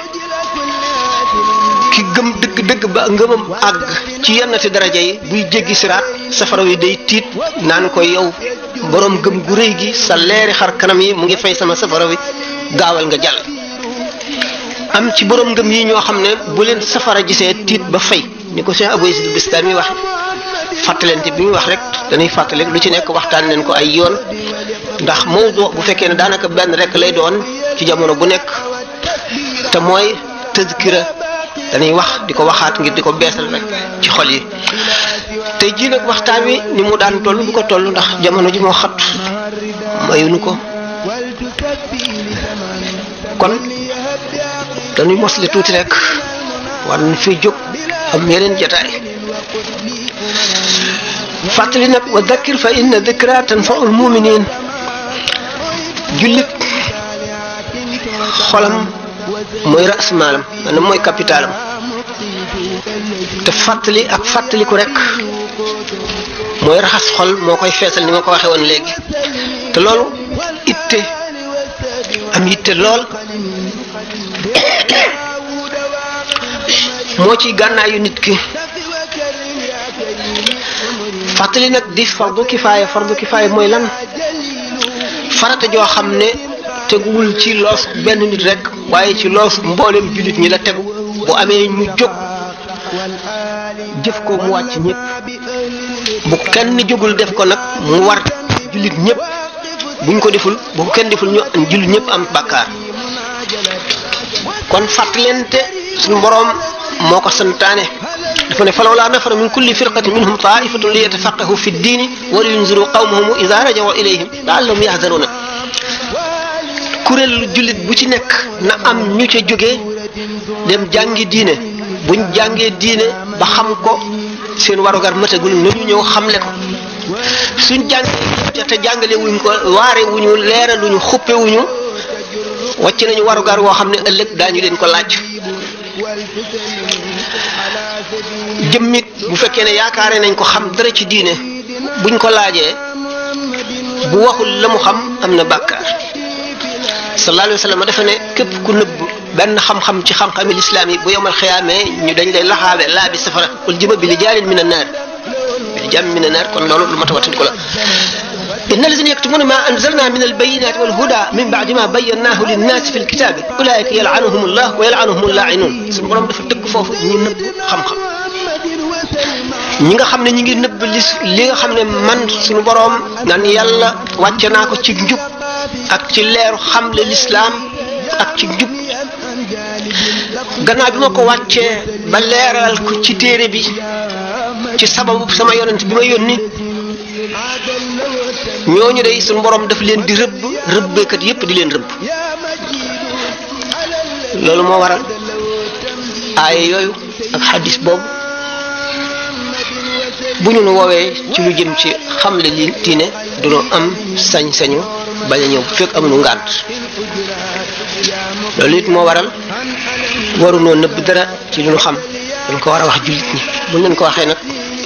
ki gëm dëgg dëgg ba ngëmam àgg ci yennati daraja yi buy jéggi siraat safara wi day tiit naan ko yow boroom gëm gu rëy gi sa leeri xar kanam yi mu ngi fay sama safara wi gaawal nga jàll am ci borom ngëm yi ñoo xam ne bu leen safara gisee tiit ba fay ni ko Cheikh Abou Yazid Bistami wax fàttalante bi muy wax rek dañuy fàttale lu ci nekk waxtaan leen ko ay yoon ndax mawdu bu fekkee ne daanaka benn rek lay doon ci jamono bu nekk te mooy tëzkira dañuy wax di ko waxaat ngir di ko beesal rek ci xol yi te jii nag waxtaan wi ni mu daan toll du ko toll ndax jamono ji moo xat mayuñu ko kon dañuy mosle tuuti rek war nañ fi jóg am yeneen jotaay fàttali nag wa dakkir fa inna dikra tanfaul muminin jullit xolam mooy rasmaalam maanaam mooy capitalam te fàttali ak fàttaliku rek mooy raxas xol moo koy feesal ni ma ko waxe woon léegi te loolu itte am itte lool moo ci gànnaayu nit ki fàttali nag di fardu kifaaya fardu kifaaya mooy lan farata joo xam ne teguwul ci loos benn nit rek waaye ci loos mboolem jullit ñi la tegu bu amee ñu jóg jëf ko mu wàcc ñëpp bu kenn jógul def ko nag mu war jullit ñëpp buñ ko deful bu kenn deful ñu jullit ñëpp am bàkkaar kon fàttalente suñu boroom moo ko santaane dafa ne falawlaa nafara min kulli firqatin minhum taifatun li yatafaqahu fi diini wa li yunziru qawmahum ida rajaw ilayhim laallahum yahzanuuna kuréelu jullit bu ci nekk na am ñu ca jógee dem jàngi diine buñ jàngee diine ba xam ko seen warugar matagul nañu ñëw xamle ko suñ jàngee te jàngale wuñ ko waare wuñu leeraluñu xuppe wuñu wàcc nañu warugar woo xam ne ëllëg daañu leen ko laaj jëmmit bu fekkee ne yaakaare nañ ko xam dara ci diine buñ ko laajee bu waxul la mu xam am na bàkkaar sallallahu alayhi wa sallam ne képp ku nëbb benn xam-xam ci xam-xami lislaam yi bu yomal xiyaamee ñu dañ lay laxaabe laa bi safara pour jëma bi li jaarin mina naar bi li jaam mina naar kon loolu lu mat a ko la إن الذين يكتمون ما أنزلنا من البينات والهدى من بعد ما بيناه للناس في الكتاب أولئك يلعنهم الله ويلعنهم اللاعنون suñu borom dafa tëgg foofu ñi nëbb xam-xam ñi nga xam ne ñi ngi nëbb li li nga xam ne man suñu borom nan yàlla wàcce naa ko ci njub ak ci leeru xamle lislaam ak ci njub gannaaw bi ma ko wàccee ba leeral ko ci téere bi ci sababu sama yonent bi ma yónni ñooñu day suñu borom daf leen di rëbb rëbbeekat yépp di leen rëbb loolu moo waral aaya yooyu ak xaddis boobu bu ñu nu woowee ci lu jëm ci xamle li diine du nu am sañ-sañu bañ a ñëw fekk amuñu ngànt loolu it moo waral waru noo nëbb dara ci lu nu xam dañ ko war a wax jullit ñi buñ leen ko waxee nag.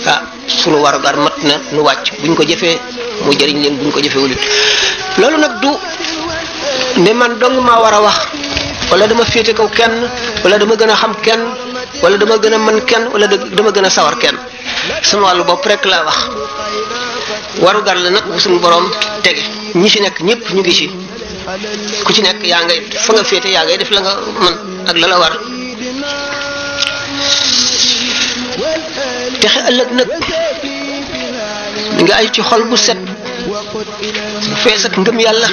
ah sunu warugar mat na nu wàcc buñ ko jëfee mu jëriñ leen buñ ko jëfee wulit loolu nag du ne man dong maa war a wax wala dama féete kaw kenn wala dama gën a xam kenn wala dama gën a mën kenn wala dama gën a sawar kenn sama wàllu bopp rek laa wax warugar la nag bu suñu borom tege ñu ci nekk ñëpp ñu ngi ci ku ci nekk yaa ngay fa nga féete yaa ngay def la nga mën ak la la war texe ëllëg nag di nga ay ci xol bu set bu fees ak ngëm yàlla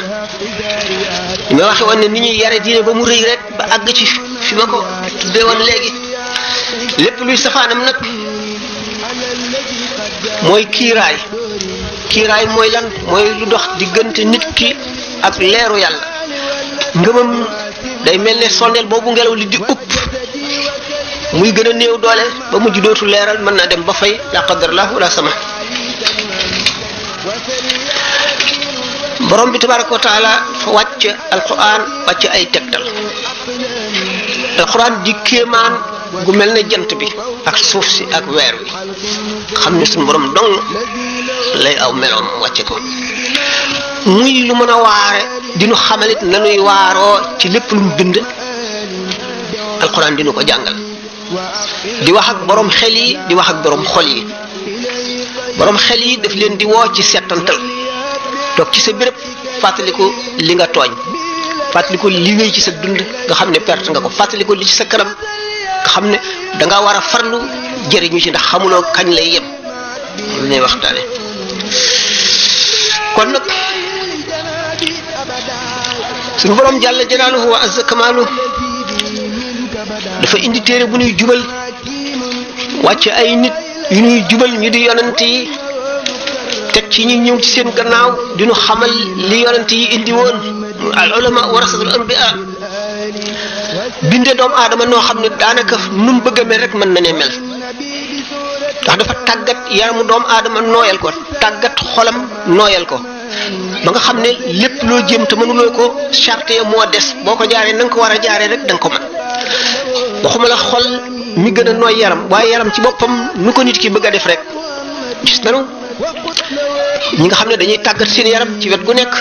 li ma waxe ne ni ñuy yare diine ba mu rëy rek ba àgg ci fi ma ko tuddee woon léegi lépp luy safaanam nag mooy kiiraay kiiraay mooy lan mooy dox diggante nit ki ak leeru yàlla ngëmam day mel ne sondeel boobu ngelaw li di upp muy gën a néew doole ba mujj dootu leeral mën naa dem ba fay la qadarallah wala sama borom bi tabaraka wa taala fa wàcc alquran wàcc ay tegtal alquran di kéemaan gu mel ne jant bi ak suuf si ak weer wi xam ne suñu borom dong lay aw meloom wàcce ko muy lu mën a waare dinu xamalit nanuy waaroo ci lépp lu mu bind alquran dinu ko jàngal di wax ak boroom xel yi di wax ak boroom xol yi boroom xel yi daf leen di woo ci settantal toog ci sa béréb fàttaliku li nga tooñ fàttaliku li wéy ci sa dund nga xam ne perte nga ko fàttaliku li ci sa kanam nga xam ne da war a farlu jëriñu ci ndax xamuloo kañ lay yem lu ñuy waxtaane kon nag suñu borom jàll jalaaluhu wa azza kamaalu dafa indi téere bu ñuy jubal wàcc ay nit yu ñuy jubal ñu di yonent yi teg ci ñi ñëw ci seen gannaaw di ñu xamal li yonent yi indi woon al ulama warasatul anbiya bindee doomu aadama noo xam ne daanaka nu mu bëgg a mel rek mën na ne mel ndax dafa tàggat yaramu doomu aadama nooyal ko tàggat xolam nooyal ko ba nga xam ne lépp loo jéem te mënuloo ko charte moo des boo ko jaaree na ko war a jaaree rek da ko mën waxuma la xol mi gën a nooy yaram waaye yaram ci boppam nu ko nit ki bëgg a def rek gis nanu ñi nga xam ne dañuy tàggat seen yaram ci wet gu nekk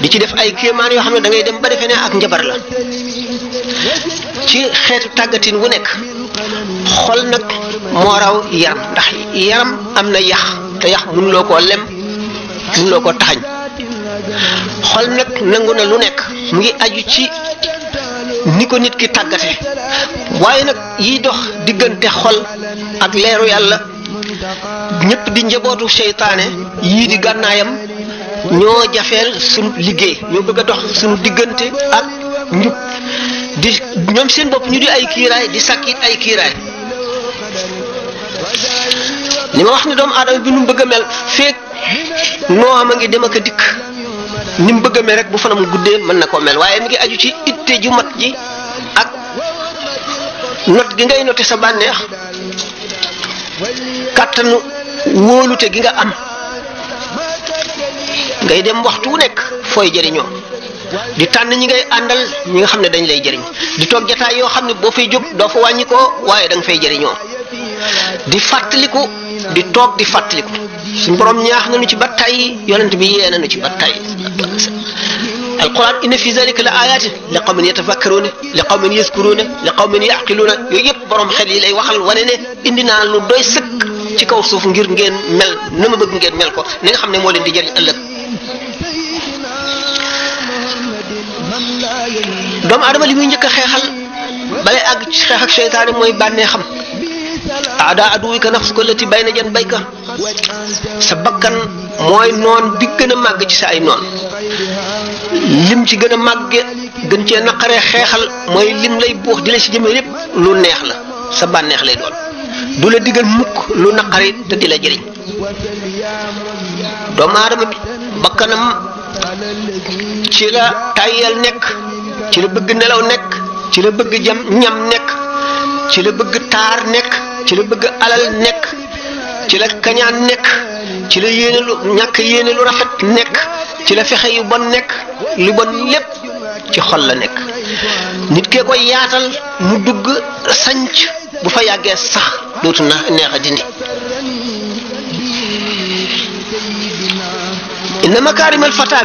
di ci def ay kéemaan yoo xam ne dangay dem ba defee ne ak njabar la ci xeetu tàggatin wu nekk xol nag moo raw yaram ndax yaram am na yax te yax mënuloo koo lem mënuloo koo taxañ xol nag nangu na lu nekk mu ngi aju ci ni ko nit ki tàggate waaye nag yi dox diggante xol ak leeru yàlla ñëpp di njabootu seytaane yii di gànnaayam ñoo jafeel sunu liggéey ñoo bëgg a dox sunu diggante ak njub di ñoom seen bopp ñu di ay kiiraay di sàkkit ay kiiraay li ma wax ni doomu aadama bi ñu bëgg a mel feek noo am a ngi dem ak dikk ni mu bëgg a mel rek bu fanamul guddee mën na koo mel waaye mi ngi aju ci itte ju mat ji ak not gi ngay noté sa bànneex kàttanu wóolute gi nga am ngay dem waxtu wu nekk fooy jariñoo di tànn ñi ngay àndal ñi nga xam ne dañ lay jëriñ di toog jataay yoo xam ne boo fay jóg doo fa wàññi waaye da fay jariñoo di fàttaliku di toog di fàttaliku suñ borom ñaax nañu ci ba tey yonent bi yee nañu ci ba tey alquran inna fi zalika la ayatin li qawmin yatafakkaruuna li qawmin yaskuruuna li qawmin yaqiluuna yooyu yëpp borom xel yi lay waxal wane ne indi naa lu doy sëkk ci kaw suuf ngir ngeen mel na ma bëgg ngeen mel ko ni nga xam ne moo leen di jëriñ ëllëg doomu aadama li muy njëkk a xeexal balay àgg ci xeex ak seytaane mooy bànnee xam ada aduwika nafsuka lati bayna jan bayka sa bakkan mooy noon bi gën a màgg ci sa ay noon lim ci gën a màgge gën cee naqaree xeexal mooy lim lay buux di la si jëmee lépp lu neex la sa bànneex lay doon du la digal mukk lu naqari te di la jëriñ doomu aadama bi bakkanam ci la tàyyal nekk ci la bëgg nelaw nekk ci la bëgg jam ñam nekk ci la bëgg taar nekk ci la bëgg alal nekk ci la kañaan nekk ci la yéene lu ñàkk yéene lu rafet nekk ci la fexe yu bon nekk lu bon lépp ci xol la nekk nit kee koy yaatal mu dugg sanc bu fa yàggee sax dootu na neex a dindi inna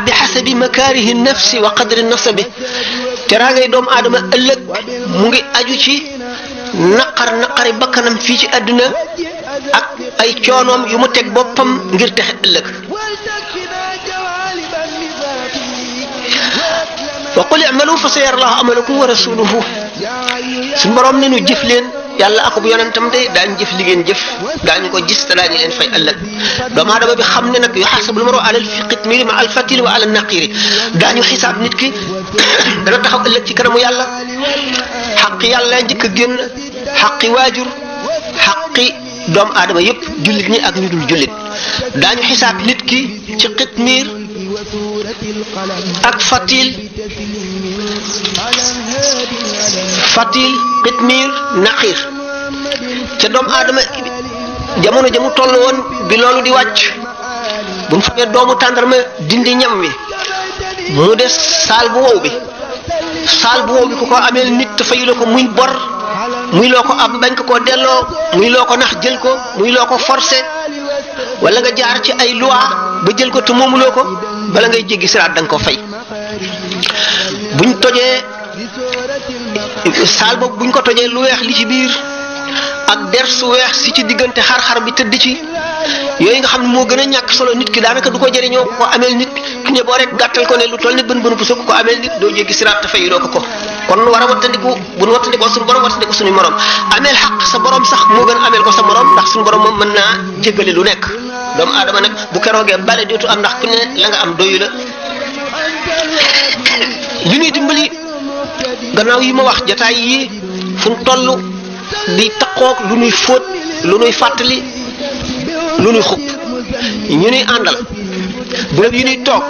bi xasabi makarihi nafsi wa qadri nasabi teraangay doomu aadama ëllëg mu ngi aju ci naqar naqari bakkanam fii ci àdduna ak ay coonoom yu mu teg boppam ngir texe ëllëg wa qul i'malu fa sayara Allahu amalakum wa rasuluhu suñu borom ne nu jëf leen yàlla akub yonentam de daañu jëf li ngeen jëf daañu ko gis te daañu leen fay ëllëg doomu aadama bi xam ne nag yu xasab lu ma alal qitmiri ma al fatil wa alal nit ki dana taxaw ëllëg ci kanamu yàlla xaq yàlla njëkk a génn. xaqi waajur xaqi doomu aadama yépp jullit ñi ak ñu dul jullit daañu xisaab nit ki ci xitmiir ak fatil fatil xitmiir naqiir ca doomu aadama jamono ja mu toll woon bi loolu di wàcc bu mu fagee doomu tàndarma dindi ñam wi mu des saal bu wow bi saal bu wow bi ko ameel nit fayu la ko muy bor muy loo ko am bañ ko koo delloo muy loo ko nax jël ko muy loo ko forcé wala nga jaar ci ay loi ba jël ko te moomuloo ko bala ngay jéggi siraat da nga ko fay buñ tojee saal boobu buñ ko tojee lu weex li ci biir ak der su weex si ci diggante xar-xar bi tëdd ci yooyu nga xam ne moo gën a ñàkk solo nit ki daanaka du ko jëriñoo ko ameel nit ki ne boo rek gàttal ko ne lu toll nit bën bën bu soo ko ameel nit doo jéggi siraat te fay doo ko ko kon war a wattandiku bu nu wattandikoo suñu borom wattandiku suñu morom ameel xaq sa borom sax moo gën a ameel ko sa morom ndax suñu borom moom mën naa jéggale lu nekk doomu aadama nag bu keroogee bale dootu am ndax di taqoog lu nuy fóot lu nuy fàttali lu nuy xupp ñu nuy àndal bërëb yu nuy toog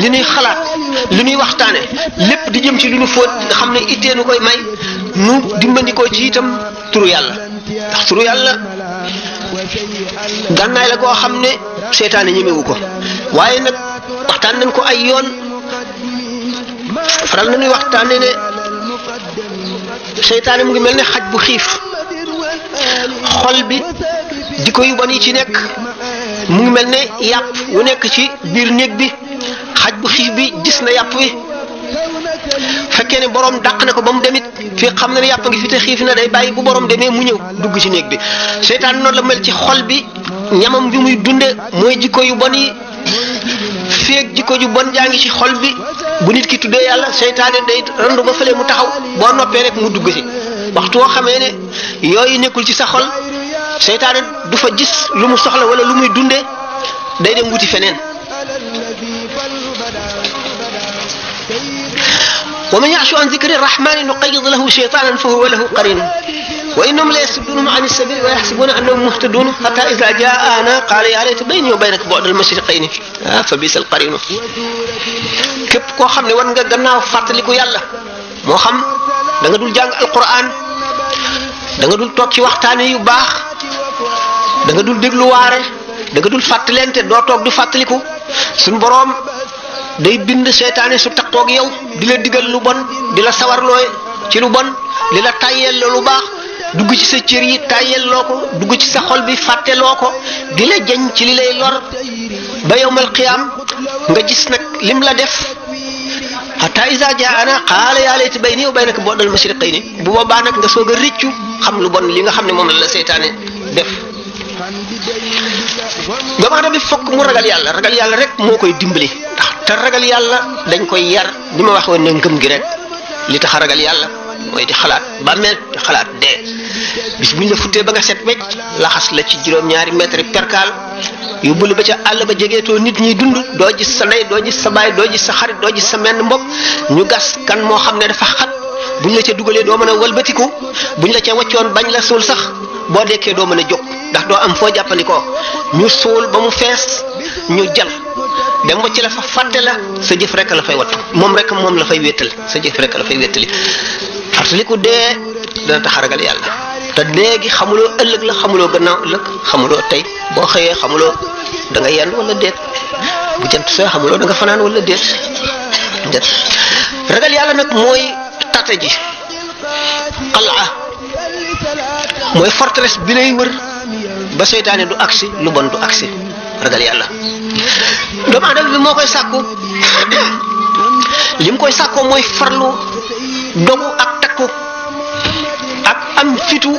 li nuy xalaat li nuy waxtaane lépp di jëm ci lu nu fóot nga xam ne ittee nu koy may nu dimbandikoo ci itam turu yàlla ndax turu yàlla gànnaay la koo xam ne seetaane ñemewu ko waaye nag waxtaan nañ ko ay yoon faral nañuy waxtaane ne seytaane mu ngi mel ne xaj bu xiif xol bi jikko yu bon yi ci nekk mu ngi mel ne yàpp wu nekk ci biir néeg bi xaj bu xiif bi gis na yàpp wi fekkee ne borom dàq ne ko ba mu demit fii xam na ne yàpp ngi fi te xiif na day bàyyi bu borom demee mu ñëw dugg ci néeg bi seytaan noonu la mel ci xol bi ñamam bi muy dunde mooy jikko yu bon yi feeg jikko ju bon jaa ngi ci xol bi bu nit ki tuddee yàlla seytaane day randu ba mu taxaw boo noppee rek mu dugg ci waxtu woo xamee ne yooyu nekkul ci sa xol seytaane du fa gis lu mu soxla wala lu muy dundee day dem wuti feneen wa man ya'shu an zikri rahmani nuqayyid lahu shaytanan fa huwa lahu qarin wa innahum la yasudduunahum ani sabili wa yaxsibuuna annahum muhtaduun xataa idaa jaa'aanaa qaaluu yaa layta baynii wa baynaka bu'dal mashriqayni ah fa bi'sal qariinu képp koo xam ne war nga gannaaw fàttaliku yàlla moo xam danga dul jàng Alquran da nga dul toog ci waxtaan yu baax danga nga dul déglu waare da nga dul fàttalente doo toog du fàttaliku suñu boroom day bind seytaane su taqoog yow di la digal lu bon di la sawarloo ci lu bon di la tàyyeel lu baax. dugg ci sa cër yi tàyyelloo ko dugg ci sa xol bi fàtteloo ko di la jañ ci li lay lor ba yowmal qiyaam nga gis nag lim la def xataa isa jaana xaala yaa boo bayni wa baynaka boodal mashriqayni bu boobaa nag nga soog a rëccu xam lu bon li nga xam ne moom la la seytaane def doomu bi fokk mu ragal yàlla ragal yàlla rek moo koy dimbali ndax te ragal yàlla dañ koy yar ni ma wax woon ne ngëm gi rek li tax a ragal yàlla mooy di xalaat bàmmeel di xalaat bis bu ñu la futtee ba nga set wecc laxas la ci juróom-ñaari mètre perkaal yóbbu la ba ca àll ba jegee too nit ñi dund doo gis sa ndey doo gis sa baay doo gis sa xarit doo gis sa menn mbokk ñu gas kan moo xam ne dafa xat buñ la ca dugalee doo mën a walbatiku buñ la ca waccoon bañ la suul sax boo dekkee doo mën a jóg ndax doo am foo jàppandikoo ñu suul ba mu fees ñu jal dem wacc la fa fàtte la sa jëf rek la fay wattu moom rek moom la fay wéttal sa jëf rek la fay wéttali fàttaliku dee dana tax a ragal yàlla te léegi xamuloo ëllëg la xamuloo gannaaw ëllëg xamuloo tey boo xëyee xamuloo da nga yenn wala déet bu jant sa xamuloo da nga fanaan wala déet déet ragal yàlla nag mooy tata ji xalaa mooy forteresse bi lay wër ba seytaane du agsi lu bon du agsi ragal yàlla doomu aadama bi moo koy sàkku li koy sàkkoo mooy farlu dogu ak takku am fitu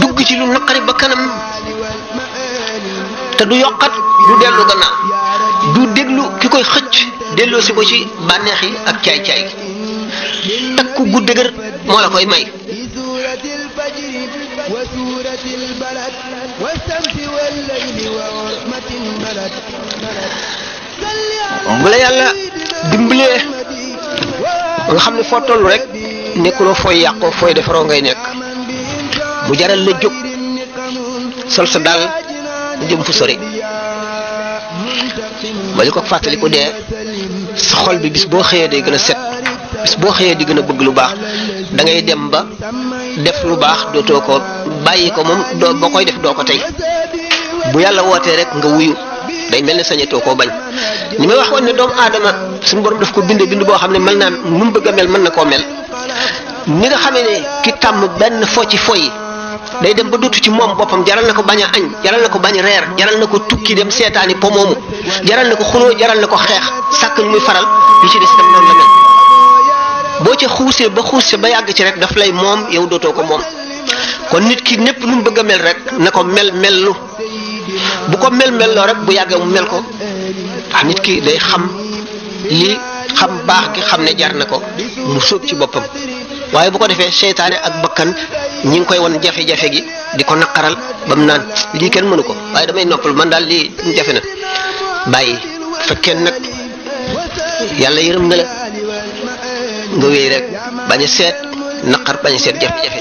dugg ci lu naqari ba kanam te du yokkat du dellu gannaaw du déglu ki koy xëcc delloo si ko ci bànneex yi ak caay-caay takku gu dëgër moo la koy may bu la yàlla dimbalee nga xam ne foo toll rek nekkuloo fooy yàqoo fooy defaroo ngay nekk bu jaral la jóg sol sa daal mu jëm fu sori ba li ko fàttali ko dee sa xol bi bis boo xëyee day gën a set bis boo xëyee di gën a bëgg lu baax da ngay dem ba def lu baax dootoo ko bàyyi ko moom doo boo koy def doo ko tey bu yàlla wootee rek nga wuyu day mel ne sañatoo koo bañ ñi may wax woon ne doomu aadama suñu borom daf ko bind bind boo xam ne mel naan mu bëgg mel mën na koo mel ni nga xamee ne ki tàmm benn fo ci foy day dem ba dootu ci moom boppam jaral na ko bañ a jaral na ko bañ reer jaral na ko tukki dem seetaani po moomu jaral na ko xuloo jaral na ko xeex sàkk muy faral yu ci des noonu mel boo ca xuusee ba xuusee ba yàgg ci rek daf lay moom yow dootoo ko moom kon nit ki ñépp lu mel rek na ko mel mel bu ko mel mel loo rek bu yàggee mu mel ko ah nit ki day xam lii xam baax gi xam ne jar na ko mu sóob ci boppam waaye bu ko defee seytaane ak bakkan ñi ngi koy won jafe-jafe gi di ko naqaral ba mu naan lii kenn mënu ko waaye damay noppal man daal lii jafe na bàyyi fekkee nag yàlla yërëm na la nga wéy rek bañ a seet naqar bañ a seet jafe-jafe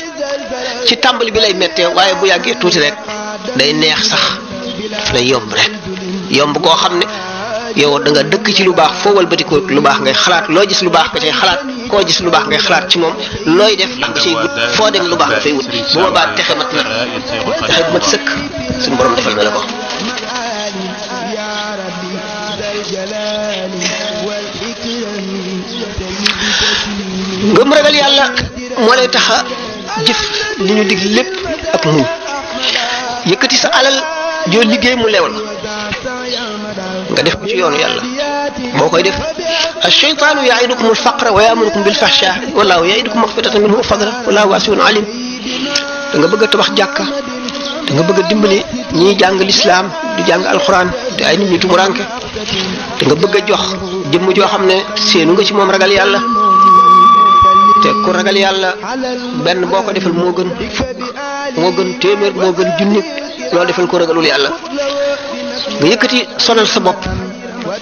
ci tàmbali bi lay mettee waaye bu yàggee tuuti rek day neex sax lay yomb rek yomb koo xam ne yow danga nga dëkk ci lu baax foo walbatikoo lu baax ngay xalaat loo gis lu baax nga cay xalaat koo gis lu baax ngay xalaat ci moom looy def da nga cay wut dem lu baax nga fay wut bu ma baax texe mat na texe ragal yàlla moo lay taxa jëf li ñu dig lépp ak muñ yëkkati sa alal. joo liggéey mu leew la nga def ko ci yoonu yàlla moo koy def ash-shaytaanu ya'idukum al-faqra wa ya'murukum bil-fahsha wallahu ya'idukum maghfiratan minhu wa fadla wallahu wasi'un alim da nga bëgg a tabax jàkka danga nga dimbali ñiy jàng lislaam di jàng alxuraan te ay nit ñu tumuranke da nga bëgg jox jëmm joo xam ne seenu nga ci moom ragal yàlla te ku ragal yàlla benn boo ko defal moo gën fukk moo gën téeméer moo gën junni loolu defal ko ragalul yàlla nga yëkkati sonal sa bopp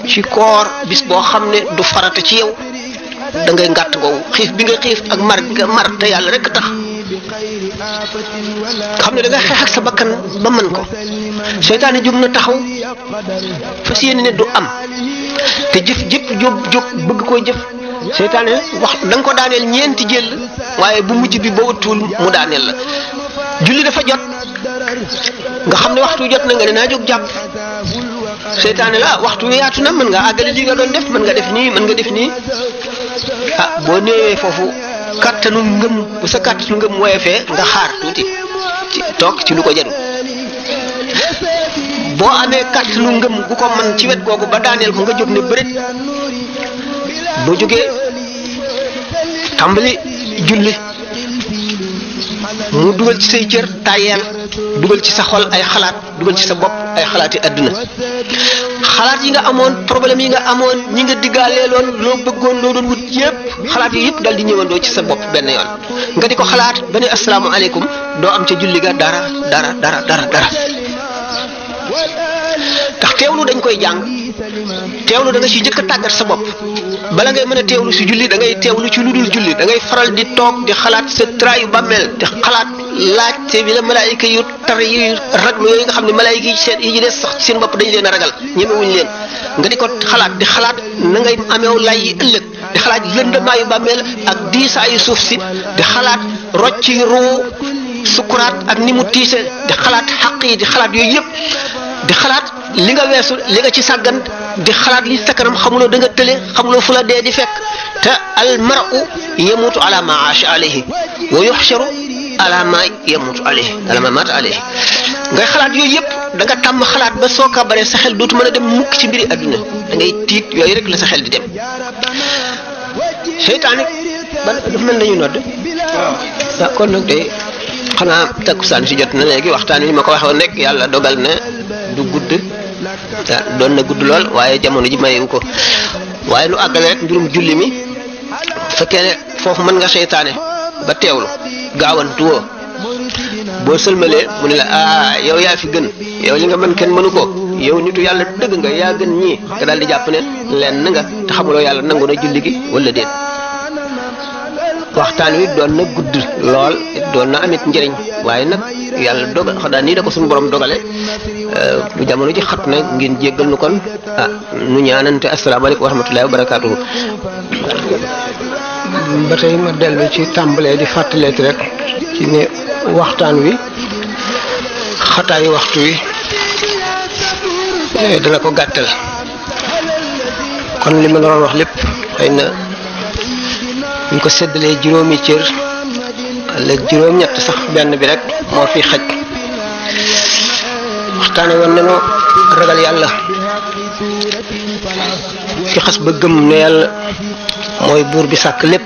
ci koor bis boo xam ne du farata ci yow dangay ngàtt googu xiif bi nga xiif ak mar bi nga mar te yàlla rek tax xam ne da bakkan ba ko seytaane jóg na taxaw fas ne du am te jëf jëf bëgg koo jëf seytaane wax ko daaneel ñeenti jël waaye bu mujj bi boo wëttuwul mu daaneel la julli dafa jot. nga xam ne waxtu jot na nga ne naa jóg jàpp seytaane la waxtu wi yaatu na mën nga àggale lii nga doon def mën nga def nii ah boo néewee foofu kattanu ngëm bu sa kattanu ngëm woyefee nga xaar tuuti ci toog ci lu ko jaru boo amee kattanu ngëm gu ko man ci wet googu ba daaneel ko nga jóg ne bërit boo jógee tàmbali julli mu dugal ci say cër tayeel dugal ci sa xol ay xalaat dugal ci sa bopp ay xalaat yi àdduna xalaat yi nga amoon problème yi nga amoon ñi nga diggaaleeloon loo bëggoon loo doon wut yépp xalaat yi yépp dal di ñëwandoo ci sa bopp benn yoon nga di ko xalaat ba ne asalaamaaleykum doo am ca julli ga dara dara dara dara dara ndax teewlu dañ koy jàng teewlu da nga si jëkk a tàggat sa bopp bala ngay mën a teewlu si julli dangay ngay teewlu ci lu dul julli da ngay faral di toog di xalaat sa traayu bàmmeel di xalaat laajte bi la malaayika yu tar yu raglu yooyu nga xam ne malaayika yi seen yi des sax seen bopp dañu leen a ragal ñemewuñu leen nga di ko xalaat di xalaat na ngay ameew lay yi ëllëg di xalaat lëndamaayu bàmmeel ak diisaayu suuf si di xalaat rocc yu ruu sukuraat ak ni mu tiise di xalaat xaq yi di xalaat yooyu yëpp di xalaat li nga weesu li nga ci sàggan di xalaat li fekk nam xamuloo da nga tële xamuloo fu dee di fekk te al mar'u yamutu ala ma aasha alayhi wa yuxsharu ma yamutu alayhi ala ma ngay xalaat yooyu yëpp danga nga tàmm xalaat ba soo ko baree sa xel dootu mën a dem mukk ci mbiri àdduna da ngay tiit yooyu rek la sa xel di dem seytaane ban dafa mel nañu nodd waaw ah, kon nag day xanaa takkusaan si jot na léegi waxtaan wi ma ko waxoon nekk yàlla dogal na du gudd doon na gudd lool waaye jamono ji mayewu ko waaye nu àggale rek mbirum julli mi fekkee ne foofu mën nga seytaane ba teewlu gaawantu woo boo sëlmalee mu ne la ah yow yaa fi gën yow li nga mën kenn mënu ko yow nitu yàlla dëgg nga yaa gën ñii nga daal di jàpp ne lenn nga te xamuloo yàlla nangu na julli gi wala déet. waxtaan wi doon na gudd lool doon na amit njëriñ waaye nag yàlla dogal xanaa nii da ko suñu borom dogale euh, bu jamono ji xat na ngeen jéggal nu kon ah nu ñaanante asalaamaaleykum wa rahmatullahi wa barakaatuhu ba tey ma dellu ci tàmbalee di fàttaleeti rek ci ne waxtaan wi xataayu waxtu wi eh, dana ko gàttal kon li ma wax lépp xëy na ñu ko séddalee juróomi cër wala juróom-ñett sax benn bi rek moo fi xaj waxtaane woon nañu ragal yàlla ci xas ba gëm ne yàlla mooy buur bi sàkk lépp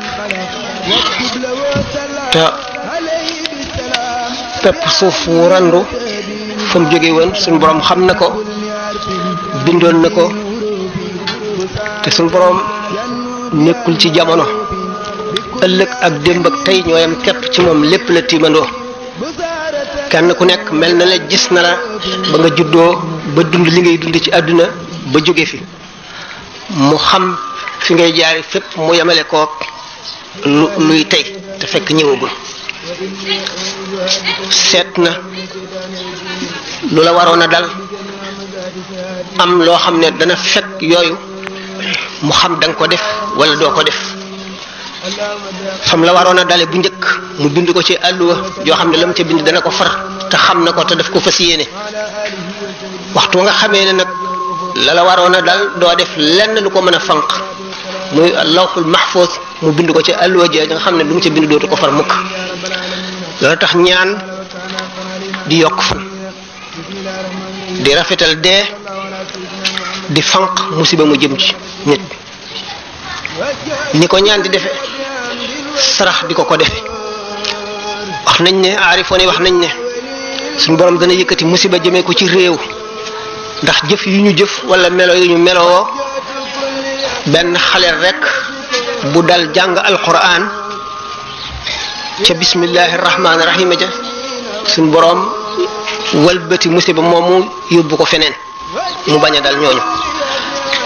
te pepp suuf wu randu fa mu jóge woon suñ boroom xam na ko bindoon na ko te suñ boroom nekkul ci jamono ëllëg ak démb ak tey ñoo yam ci moom lépp la tiimandoo kenn ku nekk mel na la gis na la ba nga juddoo ba dund li ngay dund ci àdduna ba jóge fi mu xam fi ngay jaari fépp mu yemale kook lu luy tey te fekk ñëwagul seet na lu la waroon a dal am loo xam ne dana fekk yooyu mu xam danga ko def wala doo ko def xam la waroon a dale bu njëkk mu bind ko ci àlluwa joo xam ne la mu ca bind dana ko far te xam na ko te daf ko fas yéene waxtu nga xamee ne nag la la waroon a dal doo def lenn lu ko mën a fanq muy lawxul mahfuz mu bind ko ci àlluwa jee nga xam ne lu mu ca bind dootu ko far mukk loolu tax ñaan di yokk fan di rafetal dee di fanq musiba mu jëm ci nit ni ko ñaan di defee sarax di ko ko defe wax nañ ne aarifoon yi wax nañ ne suñ boroom dana yëkkati musiba jëmee ko ci réew ndax jëf yu ñu jëf wala melo yu ñu meloo benn xale rekk bu dal jàng alquran ca bismillahi rahmaani rahim ja suñ borom walbati musiba moomu yóbbu ko feneen mu bañ dal ñooñu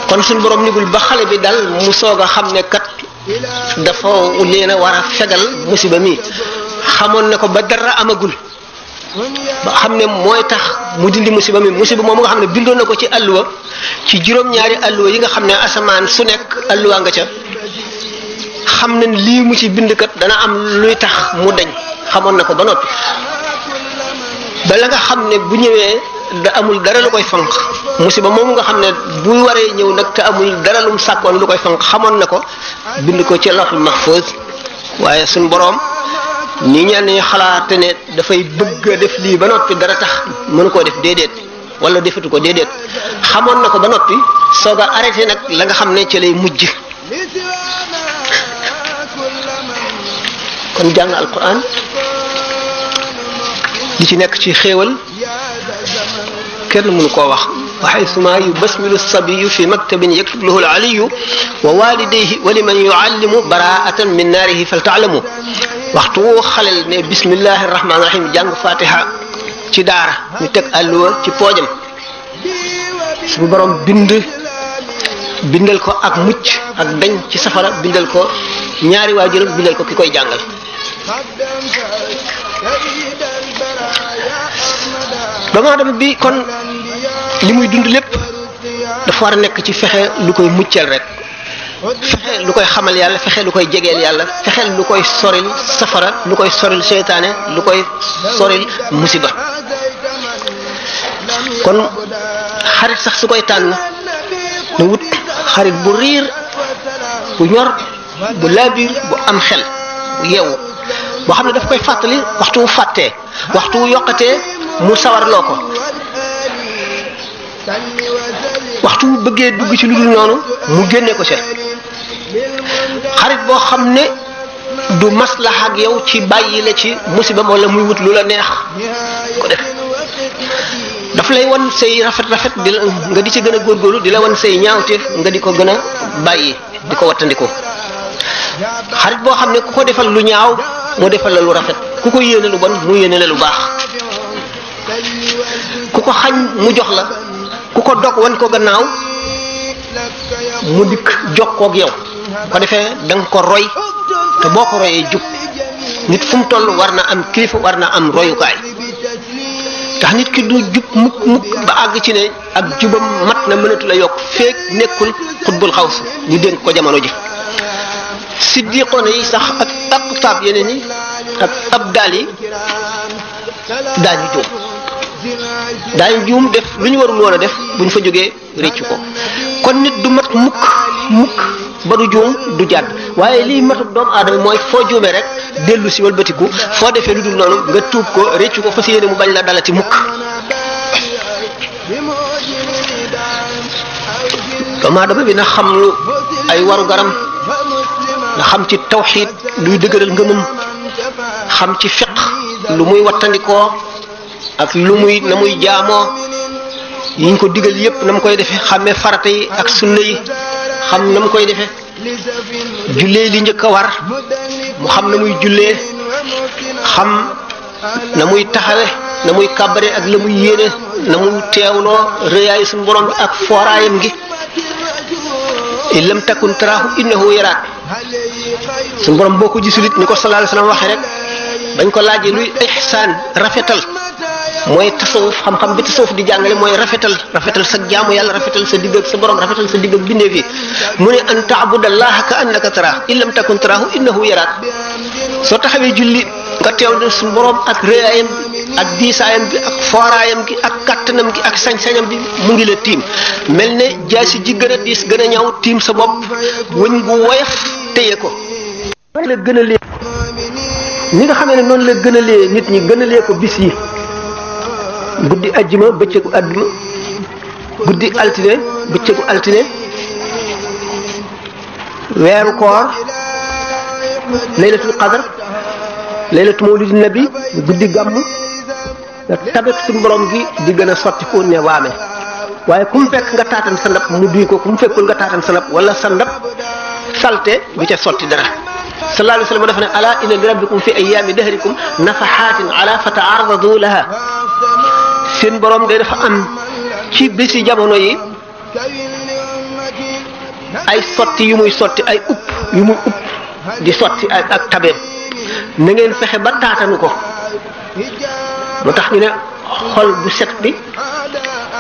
kon suñ borom nigul ba xale bi dal mu soog a xam ne kat dafa leen a war a fegal musiba mi xamoon na ko ba dara amagul ba xam ne mooy tax mu dindi musiba mi musiba moom nga xam ne bindoon na ko ci alluwa ci juróom-ñaari alluwa yi nga xam ne asamaan su nekk alluwa nga ca xam ne lii mu ci bind kat dana am luy tax mu deñ xamoon na ko ba noppi bala nga xam ne bu ñëwee da amul dara lu koy fanq musiba moomu nga xam ne bu waree ñëw nag te amul dara lum sàkkoon lu koy fanq xamoon na ko bind ko ci lawhul mahfuz waaye suñ boroom ni ñenn ñi xalaate ne dafay bëgg a def lii ba noppi dara tax mënu koo def déedéet wala defatu ko déedéet xamoon na ko ba noppi soog a arrêté nag la nga xam ne ci lay mujj kon jàng alquran li ci nekk ci xéewal kenn mënu koo wax wa xaysuma yubasmilu sabiyu fi maktabin yaktub lahu aliyu wa walidayhi wa liman yuallimu baraatan min naarihi faltaalamu waxtu woo xalel ne bismillahi rahmaani rahim jàng fatiha ci daara ñu teg àlluwa ci poojam suñu borom bind bindal ko ak mucc ak dañ ci safara bindal ko ñaari waajuram bindal ko ki koy jàngal li muy dund lépp dafa war a nekk ci fexe lu koy muccal rek fexe lu koy xamal yàlla fexe lu koy jegeel yàlla fexe lu koy soril safara lu koy soril seytaane lu koy soril musiba kon xarit sax su koy tànn na wut xarit bu riir bu ñor bu laabiir bu am xel bu yeewu boo xam ne daf koy fàttali waxtu wu fàttee waxtu wu yokkatee mu sawarloo ko waxtu bu bëggee dugg ci lu dul noonu mu génne ko ci xarit boo xam ne du maslaxa ak yow ci bàyyi la ci musibam wala muy wut lu la neex ko daf lay wan say rafet rafet di la nga di ci gën a góorgóorlu di la wan say ñaawteef nga di ko gën a bàyyi di ko wattandiku xarit boo xam ne ku ko defal lu ñaaw mu defal la lu rafet ku ko yéene lu bon mu yéene la lu baax ku ko xañ mu jox la ku ko dog wan ko gannaaw mu dikk jokkoog yow ko defee da nga ko roy te boo ko royee jub nit fu mu toll war na am kilifa war na am royukaay tax nit ki du jub mukk mukk ba àgg ci ne ak jubam mat na mënatu la yokk feek nekkul xutbul xaws ñu dénk ko jamono ji siddiqoon yi sax ak aqtaab yeneen yi ak abdaal yi daañu juum daañ juum def lu ñu warul woon a def bu ñu fa jógee réccu ko kon nit du mat mukk mukk ba du juum du jàdd waaye lii matut doomu aadama mooy foo juumee rek dellu si walbatiku foo defee lu dul noonu nga tuub ko réccu ko fas yéene mu bañ la dalati mukk doomu aadama bi na xam lu ay waru garam na xam ci tawxiid luy dëgëral ngëmam xam ci fiq lu muy wattandikoo ak lu muy na muy jaamoo yiñ ko digal yépp na mu koy defee xàmme farata yi ak sunna yi xam na mu koy defee jullee li njëkk a war mu xam na muy jullee xam na muy taxawe na muy kàbbare ak la muy yéene na mu teewloo rëyaayu suñu borom bi ak fooraayam gi in lam takun taraahu innahu yaraak suñu borom boo ko gisulit ni ko sallallahu alayhi wasallam waxee rek bañ ko laajee luy ihsaan rafetal mooy tasawuf xam-xam bi tasawuf di jàngale mooy rafetal rafetal sa jaamu yàlla rafetal sa digg ak sa boroom rafetal sa digg ak bindéef yi mu ne an taabudallaha ka annaka taraahu in lam takun taraahu innahu yaraak soo taxawee julli nga teew ne suñu borom ak réyaayam ak diisaayam bi ak fooraayam gi ak kattanam gi ak sañ-sañam bi mu ngi la tiim mel ne jaasi ji gën a diis gën a ñaw tiim sa bopp wëñ gu woyof téye ko la ni nga xamee ne noonu la gën a lee nit ñi gën a lee ko bis yi guddi ajjuma bëccëgu àdduna guddi altine bëccëgu altine weeru koor laylatul qadar laylatu mawlidi nabi guddi gàmm nga tabet suñu borom gi di gën a sotti ko ne waame waaye ku fekk nga taatan sa ndab mu duy ko ku mu nga taatan sa ndab wala sa ndab salte du ca sotti dara sallallahu alayhi wa sallam dafa ne ala inna li rabbikum fi ayyaami dahrikum nafaxaatin ala fataarradu laha seen borom day dafa am ci bési jamono yi ay sotti yu muy sotti ay upp yu muy upp di sotti ak ak tabeem na ngeen fexe ba taatanu ko moo tax ñu ne xol bu set bi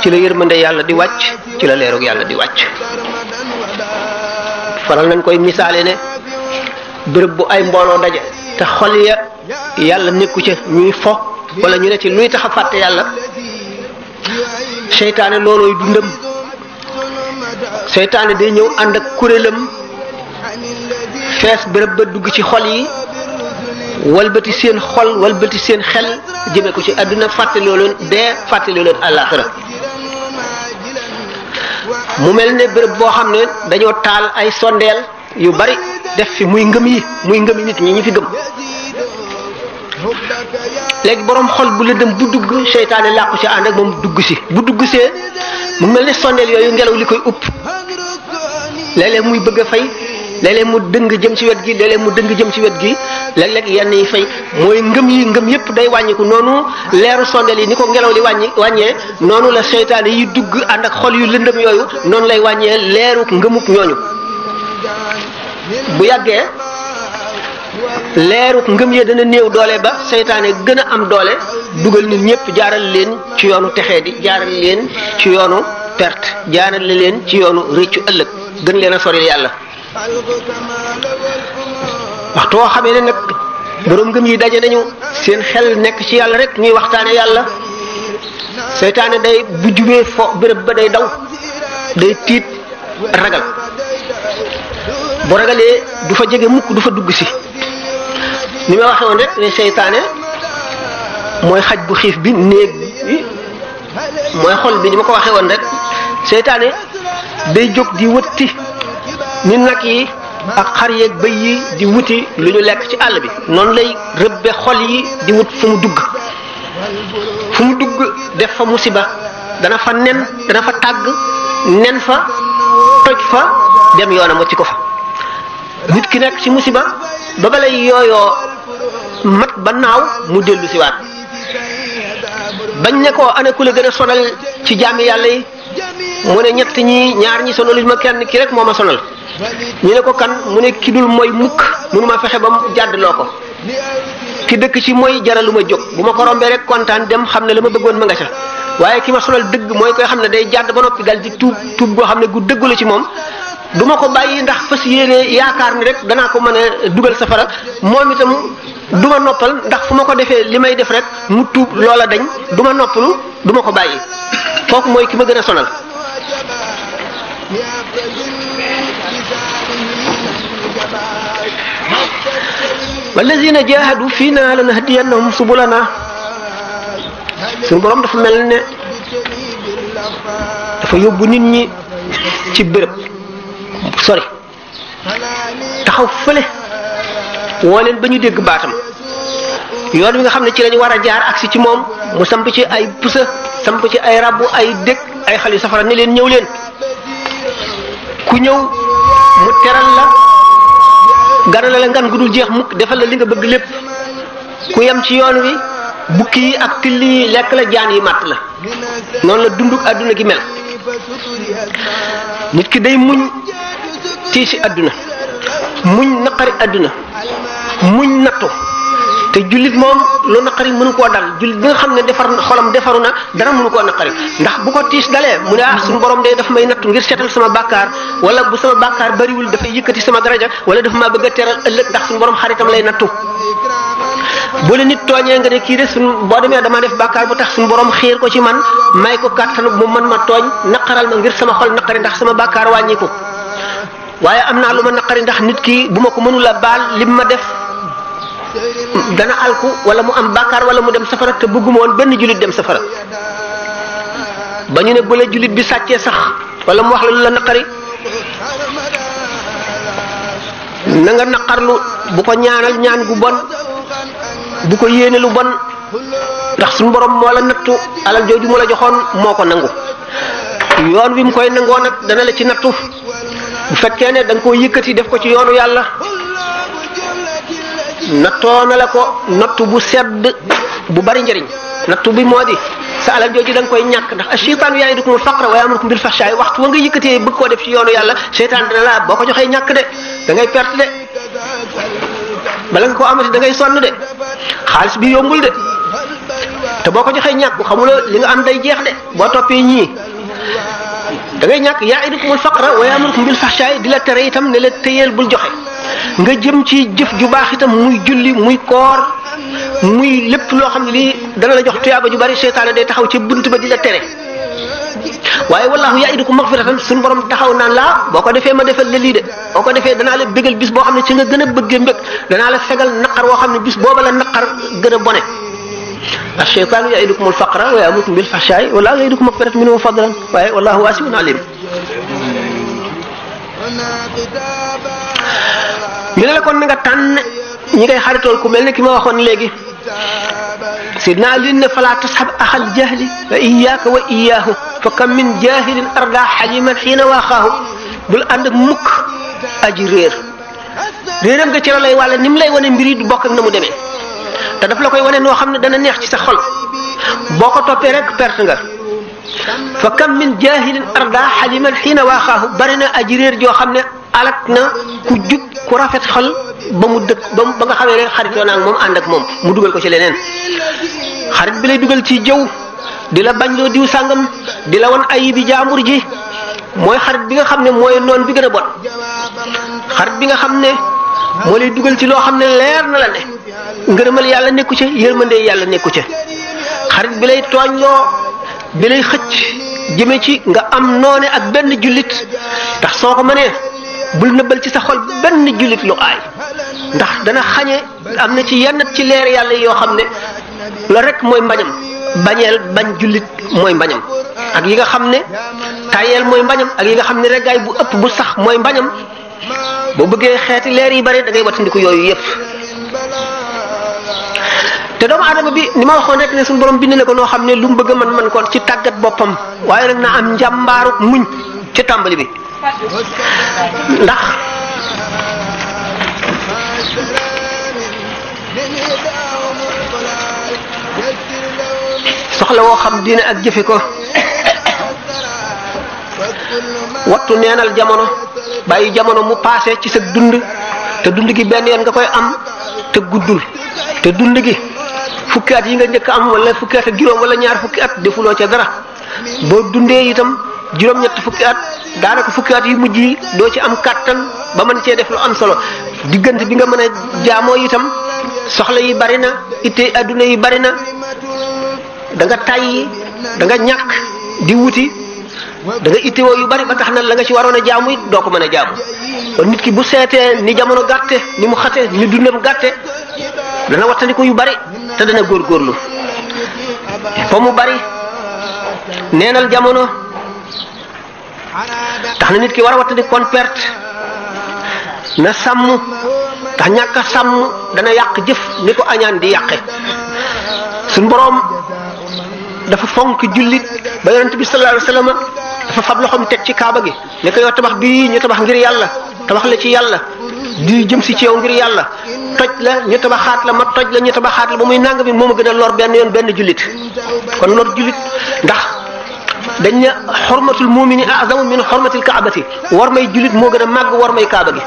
ci la yërmande yàlla di wàcc ci la leerug yàlla di wàcc faral nañ koy misaale ne bërëb bu ay mbooloo daje te xol ya yàlla nekku ci ñuy fo wala ñu ne ci luy tax a fàtte yàlla seytaane loolooy dundam seytaane day ñëw ànd ak kuréelam fees bërëb ba dugg ci xol yi walbati seen xol walbati seen xel jëme ko ci àdduna fàttaloo leen dee fàttaloo leen àllaaxira mu mel ne bërëb boo xam ne dañoo taal ay sondeel yu bari def fi muy ngëm yi muy ngëmi nit ñi ñi fi gëm léegi borom xol bu lëndëm bu dugg seytaane làqu si ànd ak moom dugg si bu dugg see mu mel ne sondeel yooyu ngelaw li koy upp léeg muy bëgg a fay léeg mu dëng jëm ci wet gi léeg-léeg mu dëng jëm ci wet gi léeg yenn yi fay mooy ngëm yi ngëm yépp day wàññiku noonu leeru sondeel yi ni ko ngelaw li wàññi wàññee noonu la seytaane yi dugg ànd ak xol yu lëndëm yooyu noonu lay wàññee leeru ngëmuk ñooñu bu yàggee leeru ngëm ya dana néew doole ba seytaane gën a am doole dugal nit ñëpp jaaral leen ci yoonu texee di jaaral leen ci yoonu perte jaaral leen ci yoonu rëccu ëllëg gën leen a soril yàlla waxtu woo xamee ne nag borom ngëm yi daje nañu seen xel nekk ci yàlla rek ñuy waxtaane yàlla seytaane day bu jubee fo béréb ba day daw day tiit ragal bu ragalee du fa jege mukk du fa dugg si ni ma waxe woon rek ne seytaane mooy xaj bu xiif bi néeg bi mooy xol bi ni ma ko waxe woon rek seytaane day jóg di wëtti ni nag yi ak xar yeeg bëy yi di wuti lu ñu lekk ci àll bi noonu lay rëbbe xol yi di wut fu mu dugg fu mu dugg def fa musiba dana fa nen dana fa tàgg nen fa toj fa dem yoonam wacci ko fa nit ki nekk ci musiba ba balay yooyoo mat ba naaw mu dellu si waat bañ ne ko ana ku la gën a sonal ci jàmm yàlla yi mu ne ñett ñi ñaar ñi sonaluñ ma kenn ki rek moo ma sonal ñu ne ko kan mu ne ki dul mooy mukk mu ma fexe ba mu jàddloo ko ki dëkk ci mooy jaralu ma jóg bu ma ko rombee rek kontaan dem xam ne la ma bëggoon ma nga ca waaye ki ma sonal dëgg mooy koy xam ne day jàdd ba noppi dal di tuub tuub goo xam ne gu dëggu ci moom du ma ko bàyyi ndax fas yéene yaakaar ni rek danaa ko mën a dugal safara moom itam duma noppal ndax fu ma ko defee li may def rek mu tuub loola dañ du ma noppalu duma ko bàyyi kooku mooy ki ma gën a sonal walladina jahadu fii na lanahdiyannahum su suñu borom dafa mel ne dafa yóbbu nit ñi ci béréb sori taxaw fële woo leen ba ñu dégg baatam yoon wi nga xam ne ci lañu war a jaar agsi ci moom mu samp ci ay pusa samp ci ay rabbu ay dëkk ay xali safara ne leen ñëw leen ku ñëw mu teral la gana la ngan gu jeex mukk defal la li nga bëgg lépp ku yem ci yoon wi bukki yi ak till yi lekk la jaan yi màtt la noonu la dund àdduna gi mel nit ki day muñ tiisi àdduna muñ naqari àdduna muñ nattu te jullit moom loo naqari mënu koo dal jullit bi nga xam ne defar xolam defaru na dara mënu koo naqari ndax bu ko tiis dalee mu ne ah suñu borom de daf may nattu ngir seetal sama bàkkaar wala bu sama bàkkaar bariwul dafay yëkkati sama daraja wala dafa maa bëgg a teral ëllëg ndax suñu borom xaritam lay nattu boo la nit tooñee nga ne kii de suñu boo demee damaa def bàkkaar bu tax suñu borom xiir ko ci man may ko kàttanu mu mën ma tooñ naqaral ma ngir sama xol naqari ndax sama bàkkaar wàññiku waaye am naa lu ma naqari ndax nit ki bu ma ko mënula baal li lim ma def dana alku wala mu am bàkkaar wala mu dem safara te bëgguma woon benn jullit dem safara ba ñu ne bu la jullit bi sàccee sax wala mu wax la lu la naqari na naqarlu bu ko ñaanal ñaan gu bon bu ko yéene lu bon ndax suñu borom moo la nattu alal jooju mu la joxoon moo ko nangu yoon wi mu koy nangoo nag dana la ci nattu bu fekkee ne da nga koo yëkkati def ko ci yoonu yàlla nattoo na la ko nattu bu sedd bu bari njëriñ nattu bi moo di sa alal jooju da nga koy ñàkk ndax asheytaanu ya'idukumul faqra wa ya'murukum bil fahsha'i waxtu wa nga yëkkatee bëgg koo def ci yoonu yàlla seytaan dana ko joxee ñàkk rek da ngay perte de bala nga ko amati da ngay sonn de xaalis bi yombul de te boo ko joxee ñàkk xamuloo li nga am day jeex de boo toppee ñii da ngay ñàkk ya'idukumul faqra wa ya'murukum bil fahsha'i di la tere itam ne la téyeel bul joxe nga jëm ci jëf ju baax itam muy julli muy koor muy lépp loo xam ne lii dana la jox tuyaaba ju bari seytaane day taxaw ci bunt ba di la tere waaye wallaahu ya'idukum maghfiratan suñu borom taxaw naan laa boo ko defee ma defal la lii de boo ko defee danaa la bégal bis boo xam ne ci nga gën a bëggee mbég danaa la segal naqar woo xam ne bis booba la naqar gën a bone ash-shaytaanu ya'idukumul faqra wa ya'murukum bil fahshaa'i wallaahu ya'idukum maghfiratan minhu wa fadlan waaye wallaahu waasi'un aliim ñu ne la kon na nga tànn ñi koy xaritool ku mel ne ki ma waxoon léegi sidna Ali ne fala tashab axal jahli wa iyaaka wa iyaahu fa kam min jahilin arda xaliman xiina waaxaahu bul ànd mukk aji réer réeram nga ci la lay wàlla ni mu lay wane mbiri yi du bokk na mu demee te daf la koy wone noo xam ne dana neex ci sa xol boo ko toppee rek perte nga fa kam min jahilin arda xaliman xiina waaxaahu bari na aji réer joo xam ne alak na ku jub ku rafet xol ba mu dëkk ba ba nga xamee ne xaritoo naa ak moom ànd ak moom mu dugal ko ci leneen xarit bi lay dugal ci jëw di la bañ loo diw sàngam di la won ayibi jaambur ji mooy xarit bi nga xam ne mooy noon bi gën a bon xarit bi nga xam ne moo lay dugal ci loo xam ne leer na la ne ngërëmal yàlla nekku ca yërmande yàlla nekku ci xarit bi lay tooñ loo bi lay xëcc jëme ci nga am noone ak benn jullit ndax soo ko mënee bul nëbbal ci sa xol benn jullit lu aay ndax dana xañe am na ci yenn ci leer yàlla yoo xam ne la rek mooy mbañam bañeel bañ jullit mooy mbañam ak yi nga xam ne tayeel mooy mbañam ak yi nga xam ne reggaay bu ëpp bu sax mooy mbañam boo bëggee xeeti leer yi bari da watandiku yooyu yëpp te doomu aadama bi ni ma waxoon rek ne suñu borom bind na ko noo xam ne lu mu bëgg man man ko ci tàggat boppam waaye nag na am njàmbaaru muñ ci tàmbali bi ndax soxla woo xam diine ak jëfe ko wattu neenal jamono bàyyi jamono mu paase ci sa dund te dund gi benn yoon nga koy am te guddul te dund gi fukki at yi nga njëkk am wala fukki at juróom wala ñaar fukki at defuloo ca dara boo dundee itam juróom-ñett fukki at daanaka fukki at yi mujj yi doo ci am kàttan ba man cee def lu am solo diggante bi nga mën a jaamoo itam soxla yi bari na itte yi bari na da nga tàyyi da nga ñàkk di wuti da nga ittewoo yu bari ba tax na la nga ci waroon a jaamu it doo ko mën a jaamu nit ki bu seetee ni jamono gàtte ni mu xate ni dundam gàtte dana wattandi yu bari te dana góorgóorlu fa mu bari neenal jamono tax na nit ki war a wattandi kon perte na sàmm tax ñàkk a sàmm dana yàq jëf ni ko añaan di yàqe su boroom dafa fonk jullit ba yonent bi sallallahu alayhi wasallam dafa fab loxoom teg ci kaaba gi ne ko yow tabax bii ñu tabax ngir yàlla tabax ci yàlla di jëm si ci yow ngir yàlla toj la ñu tabaxaat la ma toj la ñu tabaxaat la ba muy nang bi moom a gën a lor benn yoon benn jullit kon lor jullit ndax dañ ne xormatul mumini azamu min war may jullit moo gën a màgg war may kaaba gi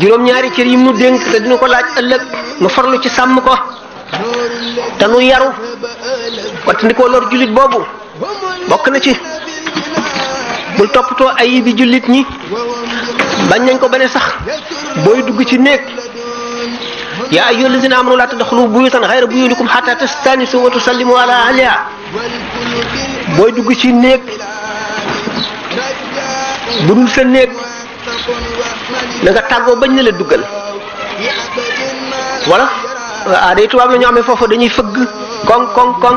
juróom-ñaari yi dénk te ko laaj ëllëg nu farlu ci sàmm ko te nu yaru wattandikoo lor jullit boobu bokk na ci bul toppatoo ay yi jullit ñi bañ nañ ko ba ne sax booy dugg ci néeg yaa ayyuha lazina amanu laa tadxulu buyutan xayra buyutikum xataa tastanisu wa tusallimu ala ahliha booy dugg ci néeg bu dul sa néeg na tàggoo bañ na la duggal wala aday tubaab la amee foofu dañuy fëgg koŋ koŋ koŋ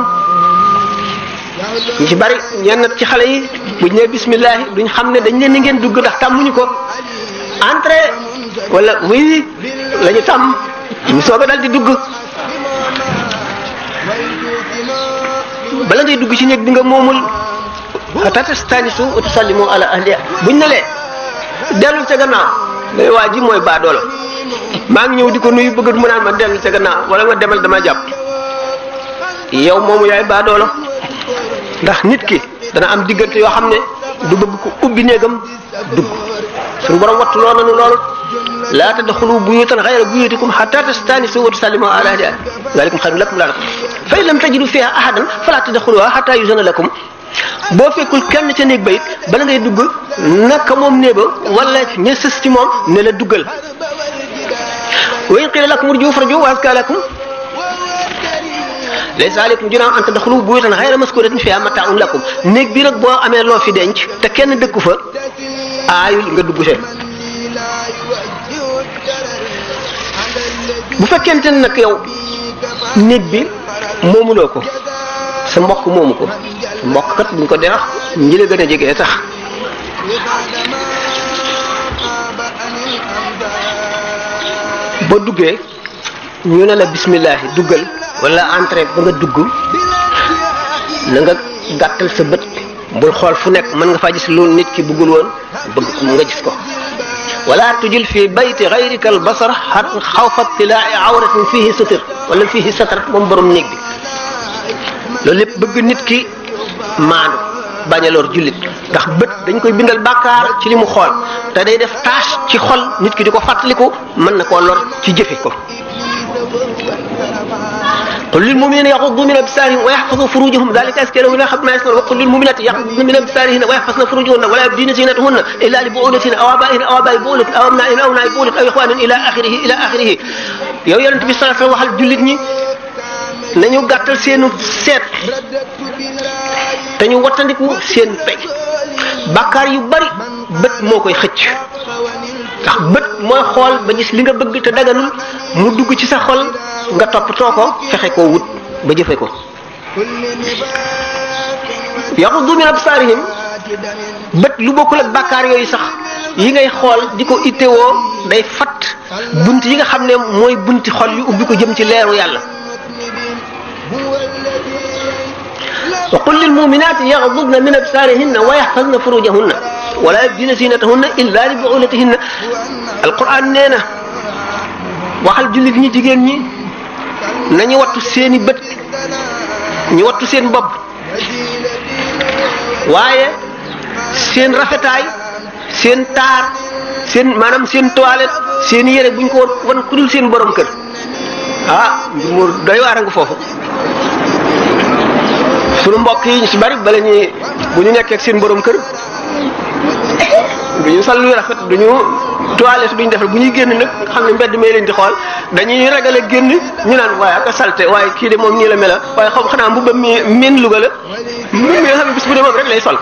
ñu ci bari ñenn ci xale yi buñ ne bismillahi duñ xam ne dañ leen ni ngeen dugg ndax tàmmuñu ko entrée wala muy la ñu tàmm mu soobee dal di dugg bala ngay dugg ci néeg bi nga moomul tatastanisu wa ala ahliha buñ ne lee dellul ca gannaaw day waa ji mooy baadoolo maa ngi ñëw di ko nuyu bëgg mu naan ma dellu ca gannaaw wala nga demal dama jàpp yow moomu yaay baa ndax nit ki dana am diggante yoo xam ne du bëgg ko ubbi néegam dugg suñu borom wattu loo nañu loolu laa tadxulu buyutan xayra buyutikum xatta tastanisu wa tusallimu ala ahliha dalikum xayrun lakum laalakum fa in lam tajidu fiha ahadan fala tadxuluha xatta yuzana lakum boo fekkul kenn ca néeg ba it bala ngay dugg naka moom nee ba wala ña sës ci moom la duggal wa in qila lakum urjiu farjiu wa lakum a laysa alaykum junahun an tadkhulu buyutan ghayra a fiha mata'un lakum néeg bi nag boo amee loo fi denc te kenn dëkku fa aayul nga dugg seen bu fekkente ne nag yow néeg bi moomuloo ko sa mbokk moomu ko sa kat buñ ko dee wax ñi la jege tax ba duggee ñu ne la bismillaahi duggal wala entrée ba nga dugg na gàttal sa bët bul xool fu nekk mën nga faa gis lu nit ki bëggul woon bëgg ko mu nga gis ko wala tujil fi bayti gayrika al basar xawfa tilaa'i awratin fihi satar wala fihi satar moom borom néeg bi loolu lépp bëgg nit ki maanu bañ a lor jullit ndax bët dañ koy bindal bàkkaar ci li mu xool te day def tâche ci xol nit ki di ko fàttaliku mën na koo lor ci jëfe ko قل للمؤمنين يغضوا من أبصارهم ويحفظوا فروجهم ذلك أزكى لهم لا خبر ما يسمعون وقل للمؤمنات يغضن من أبصارهن ويحفظن فروجهن ولا يبدين زينتهن إلا لبعولتهن أو آبائهن أو آباء بعولتهن أو أبنائهن أو أبناء بعولتهن أو إخوانهن إلى آخره إلى آخره yow yonent bi sallallahu alayhi wa sallam waxal jullit ñi nañu gàttal seenu seet te ñu wattandiku seen pej bàkkaar yu bari bët moo koy xëcc ndax bët mooy xool ba gis li nga bëgg te daganul mu dugg ci sa xol nga too ko fexe koo wut ba jëfe ko yaxudu min absaarihim bët lu bokkul ak bàkkaar yooyu sax yi ngay xool di ko itewoo day fat bunt yi nga xam ne mooy bunti xol yu ubbi ko jëm ci leeru yàlla وقل للمؤمنات يغضضن من mi ويحفظن فروجهن ولا يبدين زينتهن إلا لبعولتهن القرآن nee na waxal jullit ñi jigéen ñi nañu wattu seeni bët ñu wattu seen bopp waaye seen rafetaay seen taar seen maanaam seen toilette seen yére bu ñu ko wan ku dul seen borom kër ah mbir mu doy waar foofu. sunu mbokk yi ñu si bari bala ñuy bu ñu nekkee seen boroom kër du ñu sol lu rafet du ñu toilette du ñu defar bu ñuy génn nag xam ne mbedd mee leen di xool dañuy ragal a génn ñu naan waaye ak salte waaye kii de moom nii la mela waaye xam xanaa mbubbam mi miin Louga la mbubb mi nga xam ne bis bu dee moom rek lay sol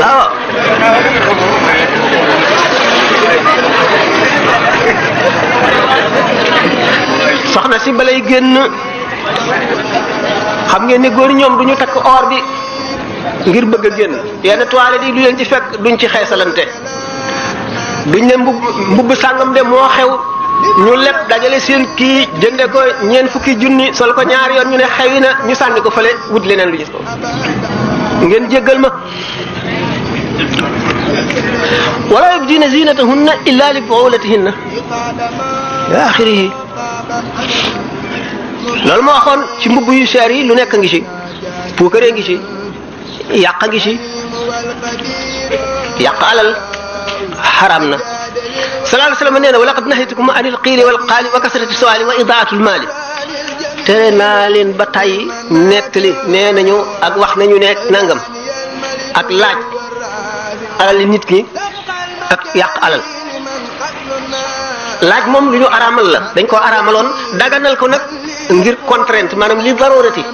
waaw. soxna si balay génn. xam ngeen ni góor ñoom du ñu takk or bi ngir bëgg a génn yenn toilette yi lu leen ci fekk duñ ci xeesalante duñ ne mbub mbubb sàngam de moo xew ñu leb dajale seen kii jënde ko ñeent fukki junni sol ko ñaar yoon ñu ne xewi na ñu sànni ko fële wut leneen lu gis ngeen jéggal ma wala yubdina zinatahunna illa li buulatihinna ila axirihi loolu ma waxoon ci mbubb yu seer yi lu nekk ngi ci puukaree ngi ci yàq ngi ci yàq alal xaram na sallallahu alayhi wasallam nee na wa laqad nahaytukum anil qiili wal qaali wa kasrati su'aali wa idaatul maali tere naa leen ba tàyyi nettali nee nañu ak wax nañu ne nangam ak laaj alal nit ki ak yàq alal laaj moom lu ñu araamal la dañ koo araamaloon ko nag ngir contrainte maanaam li darurati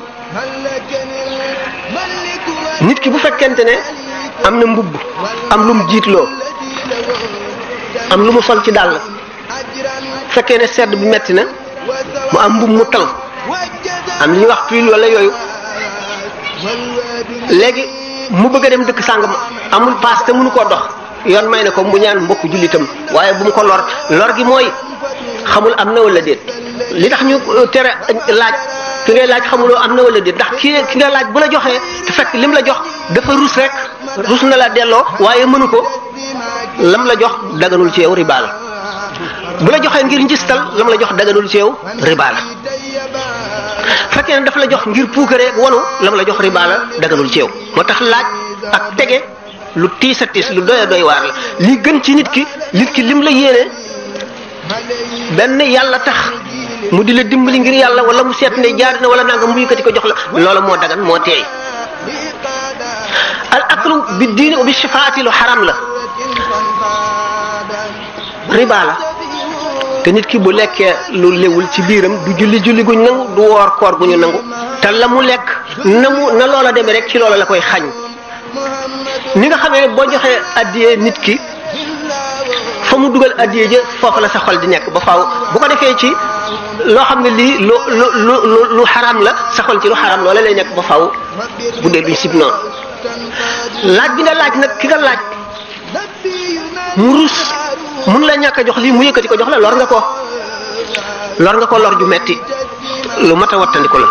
nit ki bu fekkente ne am na mbubb am lu mu jiitloo am lu mu sol ci dàll fekkee ne sedd bi metti na mu am mbubb mu tal am li ñuy wax tuile wala yooyu léegi mu bëgg a dem dëkk sàngam amul paas te mënu koo dox yoon may ne ko mbuñaan ñaan mbokk jullitam waaye bu mu ko lor lor gi mooy xamul am na wala déet li tax ñu euh, tere euh, laaj ki ngay laaj xamuloo am na wala déet ndax ki nga laaj bu la joxee te fekk lim la jox dafa rus rek rus na la delloo waaye mënu ko lam la jox daganul ci yow la bu ngir njistal lam la jox daganul ci yow riba la fekkee ne dafa la jox ngir puukaree wanu lam la jox riba la daganul ci yow moo tax laaj ak tege lu tiis tiis lu doy a doy waar la li gën ci nit ki nit ki lim la yéene benn yàlla tax mu di la dimbali ngir yàlla wala mu seet ne jaar na wala nanga mu yëkkati ko jox la loola moo dagan moo teey al aklu bi diini bi sifaati lu xaram la riba la te nit ki bu lekkee lu léwul ci biiram du julli julli guñ nangu du woor koor ñu nangu te la mu lekk na mu na loola demee rek ci loola la koy xañ ni nga xamee boo joxee addiyee nit ki fa mu dugal addiye ja foofu la sa xol di nekk ba faaw bu ko defee ci loo xam ne lii lu lu lu lu xaraam la sa xol ci lu xaraam loola lay nekk ba faw bu dee duñ sib noonu laaj bi nga laaj nag ki nga laaj mu rus mun la ñàkk jox lii mu yëkkati ko jox la lor nga ko lor nga ko lor ju metti lu mat a wattandiku la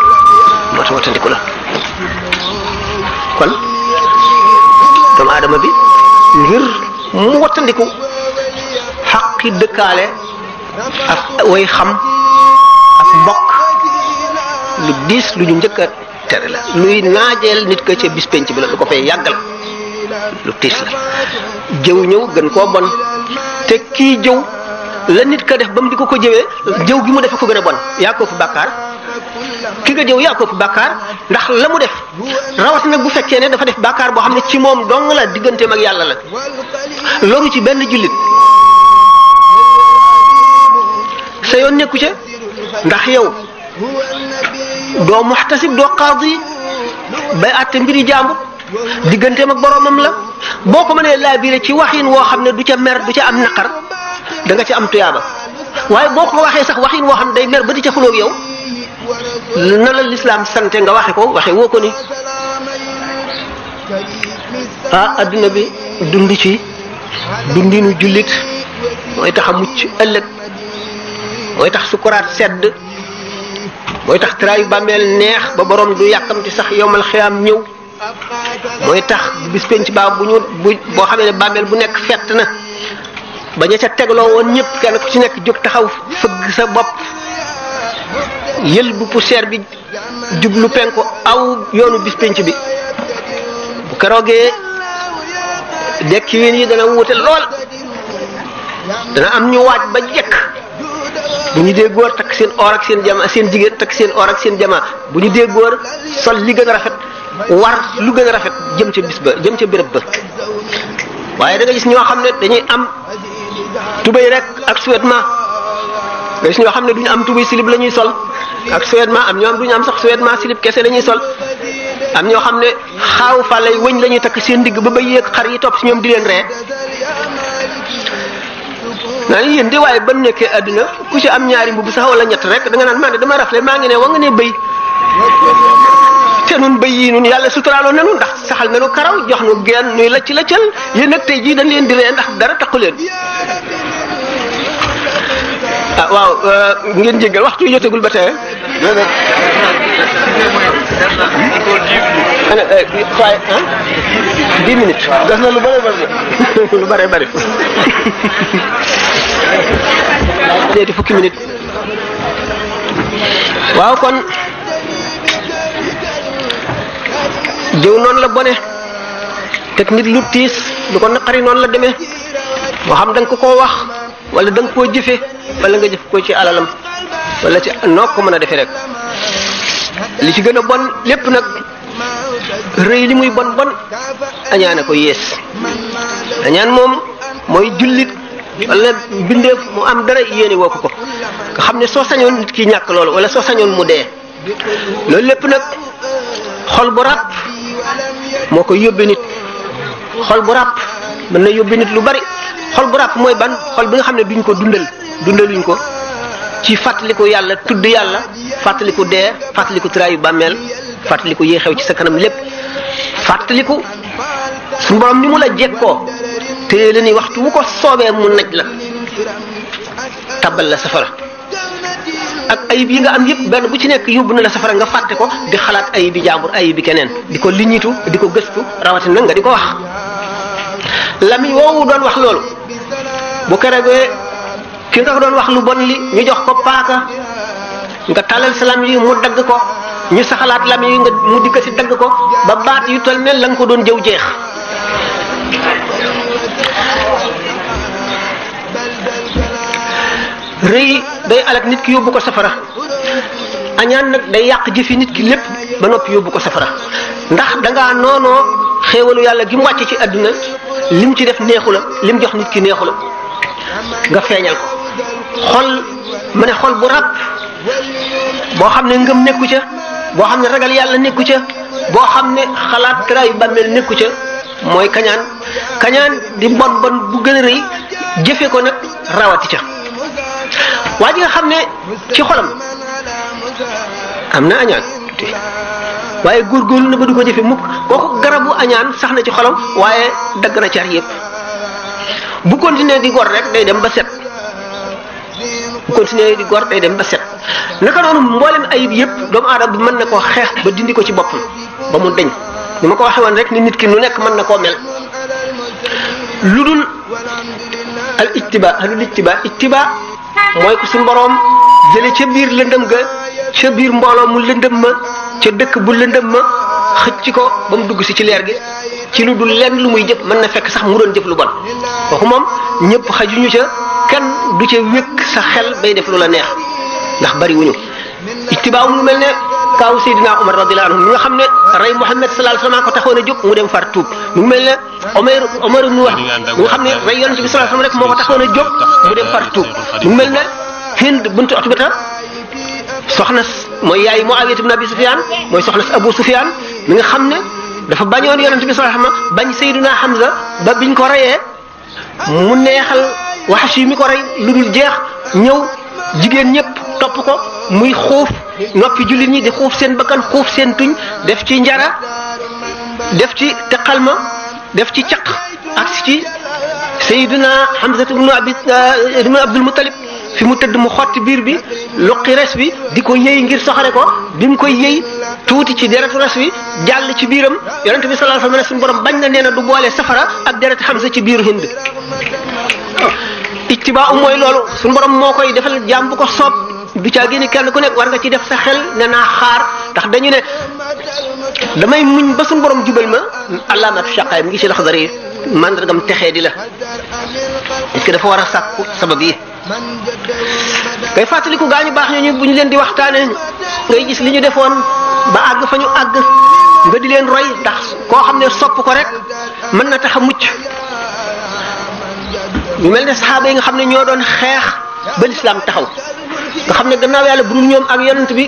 mat a wattandiku la kon aadama bi ngir mu wattandiku àqi dëkkaale ak xam ak mbokk lu diis lu ñu njëkk a tere la luy naajeel nit ka ca bis penc bi la lu ko fay yàggal lu tiis la jëw ñëw gën koo bon te kii jëw la nit ka def ba mu di ko ko jëwee jëw gi mu defe ko gën a bon yaa ko fi bàkkaar ki nga jëw yaa ko fi bàkkaar ndax la mu def rawat nag bu fekkee ne dafa def bàkkaar boo xam ne ci moom dong la digganteem ak yàlla la loru ci benn jullit sa yoon nekku ca ndax yow doo muxtasib doo qaadi bay àtte mbiri jàmbur digganteem ak boromam la boo ko mënee laabire ci waxin woo xam ne du ca mer du ca am naqar da nga ca am tuyaaba waaye boo ko waxee sax waxin woo xam ne day mer ba di ca xulóog yow na la lislaam sante nga waxe ko waxe woo ko ni ah adduna bi dund ci dundinu jullit mooy tax a mucc ëllëg mooy tax sukuraat sedd mooy tax traayu bàmmeel neex ba borom du yàkkamti sax yomal xiyaam ñëw mooy tax bis penc bu ñu boo xamee ne bàmmeel bu nekk fett na ba ña ca tegloo woon ñépp kenn ku ci nekk jóg taxaw fëgg sa bopp yël bu poussière bi jublu penku aw yoonu bis bi bu keroogee dekki win yi dana wuute lool dana am ñu waaj ba jekk bu ñu dee góor takk seen or ak seen jama seen jigéen takk seen or ak seen jama bu ñu dee góor sol li gën a rafet war lu gën a rafet jëm ca bis ba jëm ca béréb ba waaye da gis ñoo xam ne dañuy am tubéy rek ak sous-vêtement nga gis ñoo xam ne duñu am tubéy silib la ñuy sol ak sous am ñoo am duñu am sax sous-vêtement silib kese la sol am ñoo xam ne xaaw fa lay wëñ la ñuy takk seen digg ba ba yéeg xar yi topp si ñoom di leen ree maa ngi yéen de waaye ban nekkee àddina ku ci am ñaari mbubb sax wala ñett rek da nga naan man de dama rafle maa ngi ne wa nga ne béy te nun béy yi nun yàlla suturaaloon na nu ndax saxal na nu karaw jox nu geen nuy lacc laccal yéen nag tey jii dañ leen di ree ndax dara taxu leen ah waaw euh, ngeen jéggal waxtu yi jotagul ba tey. Euh, waaye ah lu bëree bëri de. lu fukki minutes. waaw kon jëw noonu la bone te nit lu tiis lu ko naqari noonu la deme moo xam ko wax. wala da nga koo jëfee wala nga jëf ko ci alalam wala ci noo ko mën a defee rek li ci gën a bon lépp nag rëy li muy bon bon añaane ko yées añaan moom mooy jullit wala bindeef mu am dara yéene woo ko nga xam ne soo sañoon nit ki ñàkk loolu wala soo sañoon mu dee loolu lépp nag xol bu ràpp moo koy yóbbe nit xol bu ràpp mën na yóbbe nit lu bari xol bu ràpp mooy ban xol bi nga xam ne duñ ko dundal dundaluñ ko ci fàttaliku yàlla tudd yàlla fàttaliku deer fàttaliku tiraayu bàmmeel fàttaliku yi xew ci sa kanam lépp fàttaliku su borom ni mu la jekkoo te la ni waxtu ko soobee mu naj la tabal la safara ak ayib yi nga am yëpp benn bu ci nekk yóbbu na la safara nga fàtte ko di xalaat ayibi jàmbur ayibi keneen di ko liñitu di ko gëstu rawatina nga di ko wax lamiñ woowu doon wax loolu bu keroogee ki nga doon wax lu bon li ñu jox ko paaka nga talal sa lam yi mu dagg ko ñu saxalaat lam yi nga mu dikk si dagg ko ba baat yu toll ne la ko doon jëw jeex rëy day alak nit ki yóbbu ko safara añaan nag day yàq jëfi nit ki lépp ba noppi yóbbu ko safara ndax danga noonoo xéewalu yàlla gi mu wàcc ci àdduna lim ci def neexula la lim jox nit ki neexu nga feeñal ko xol mu ne xol bu rab boo xam ne ngëm nekku ca boo xam ne ragal yàlla nekku ca boo xam ne xalaat traayu bàmmeel nekku ca mooy kañaan kañaan di bon bon bu gën a rëy jëfe ko nag rawati ca waa ji nga xam ne ci xolam am na añaan waaye góorgóorlu na ba du ko jëfe mukk kooku garabu añaan sax na ci xolam waaye dagg na caar yépp bu continuer di gor rek day dem ba set bu continuer di gor day dem ba set naka noonu mboolem ayib yëpp doomu aadama bi mën na koo xeex ba dindi ko ci boppam ba mu deñ ni ma ko waxee woon rek ni nit ki nu nekk mën na koo mel lu dul al ittiba alul ittiba ittiba mooy ko suñu boroom jële ca biir lëndëm ga ca biir mbooloo mu lëndëm ma ca dëkk bu lëndëm ma xëcc ko ba mu dugg si ci leer gi ci lu dul lenn lu muy jëf mën na fekk sax mu doon jëf lu bon kooku moom ñëpp xajuñu ca kenn du ca wékk sa xel bay def lu la neex ndax bari wuñu ittibaawum lu mel ne kaaw Seydina Omar radiyallahu anhu mi nga xam ne rey Muhammad sallallahu alayhi wasallam ko taxoon a jóg mu dem far tuub mu mel ne Omar Omar ibn wax mi nga xam ne rey yonent bi sallallahu alayhi wasallam rek moo ko taxoon a jóg mu dem far tuub mu mel ne Hind bintu Utbata soxna mooy yaay Muawiya ibn Abi Sufyan mooy soxna Abu Sufyan mi nga xam ne dafa bañoon yonent bi sallallahu alayhi wasallam bañ Seydina Hamza ba biñ ko reyee mu neexal wax yi mi ko rey lu dul jeex ñëw jigéen ñëpp topp ko muy xuuf noppi jullit ñi di xuuf seen bakkan xuuf seen tuñ def ci njara def ci teqalma def ci caq ak ci Seydina Hamza ibnu Abi euh, ibnu Abdul Muttalib fi mu tëdd mu xotti biir bi luqi res bi di ko yëy ngir soxare ko bi mu koy yëy tuuti ci deretu res bi jàll ci biiram yonent bi sallallahu alayhi wasallam suñu borom bañ na nee na du boole safara ak deret Hamza ci biiru Hind ictibaa mooy loolu suñu borom moo koy defal jaam bu ko soob du caa génne kenn ku nekk war nga ci def sa xel ne naa xaar ndax dañu ne damay muñ ba suñu borom jubal ma alaamat shaqaay mi ngi ci laxdari mu texee di la est que dafa war a sàkku sabab yi ngay fàttaliku gaa ñu baax ñooñu bu ñu leen di waxtaanee ngay gis li ñu defoon ba àgg fa ñu àgg nga di leen roy ndax koo xam ne sopp ko rek mën na tax a mucc ñu mel ne saxaaba yi nga xam ne ñoo doon xeex ba lislaam taxaw nga xam ne gannaaw yàlla bu dul ñoom ak yonent bi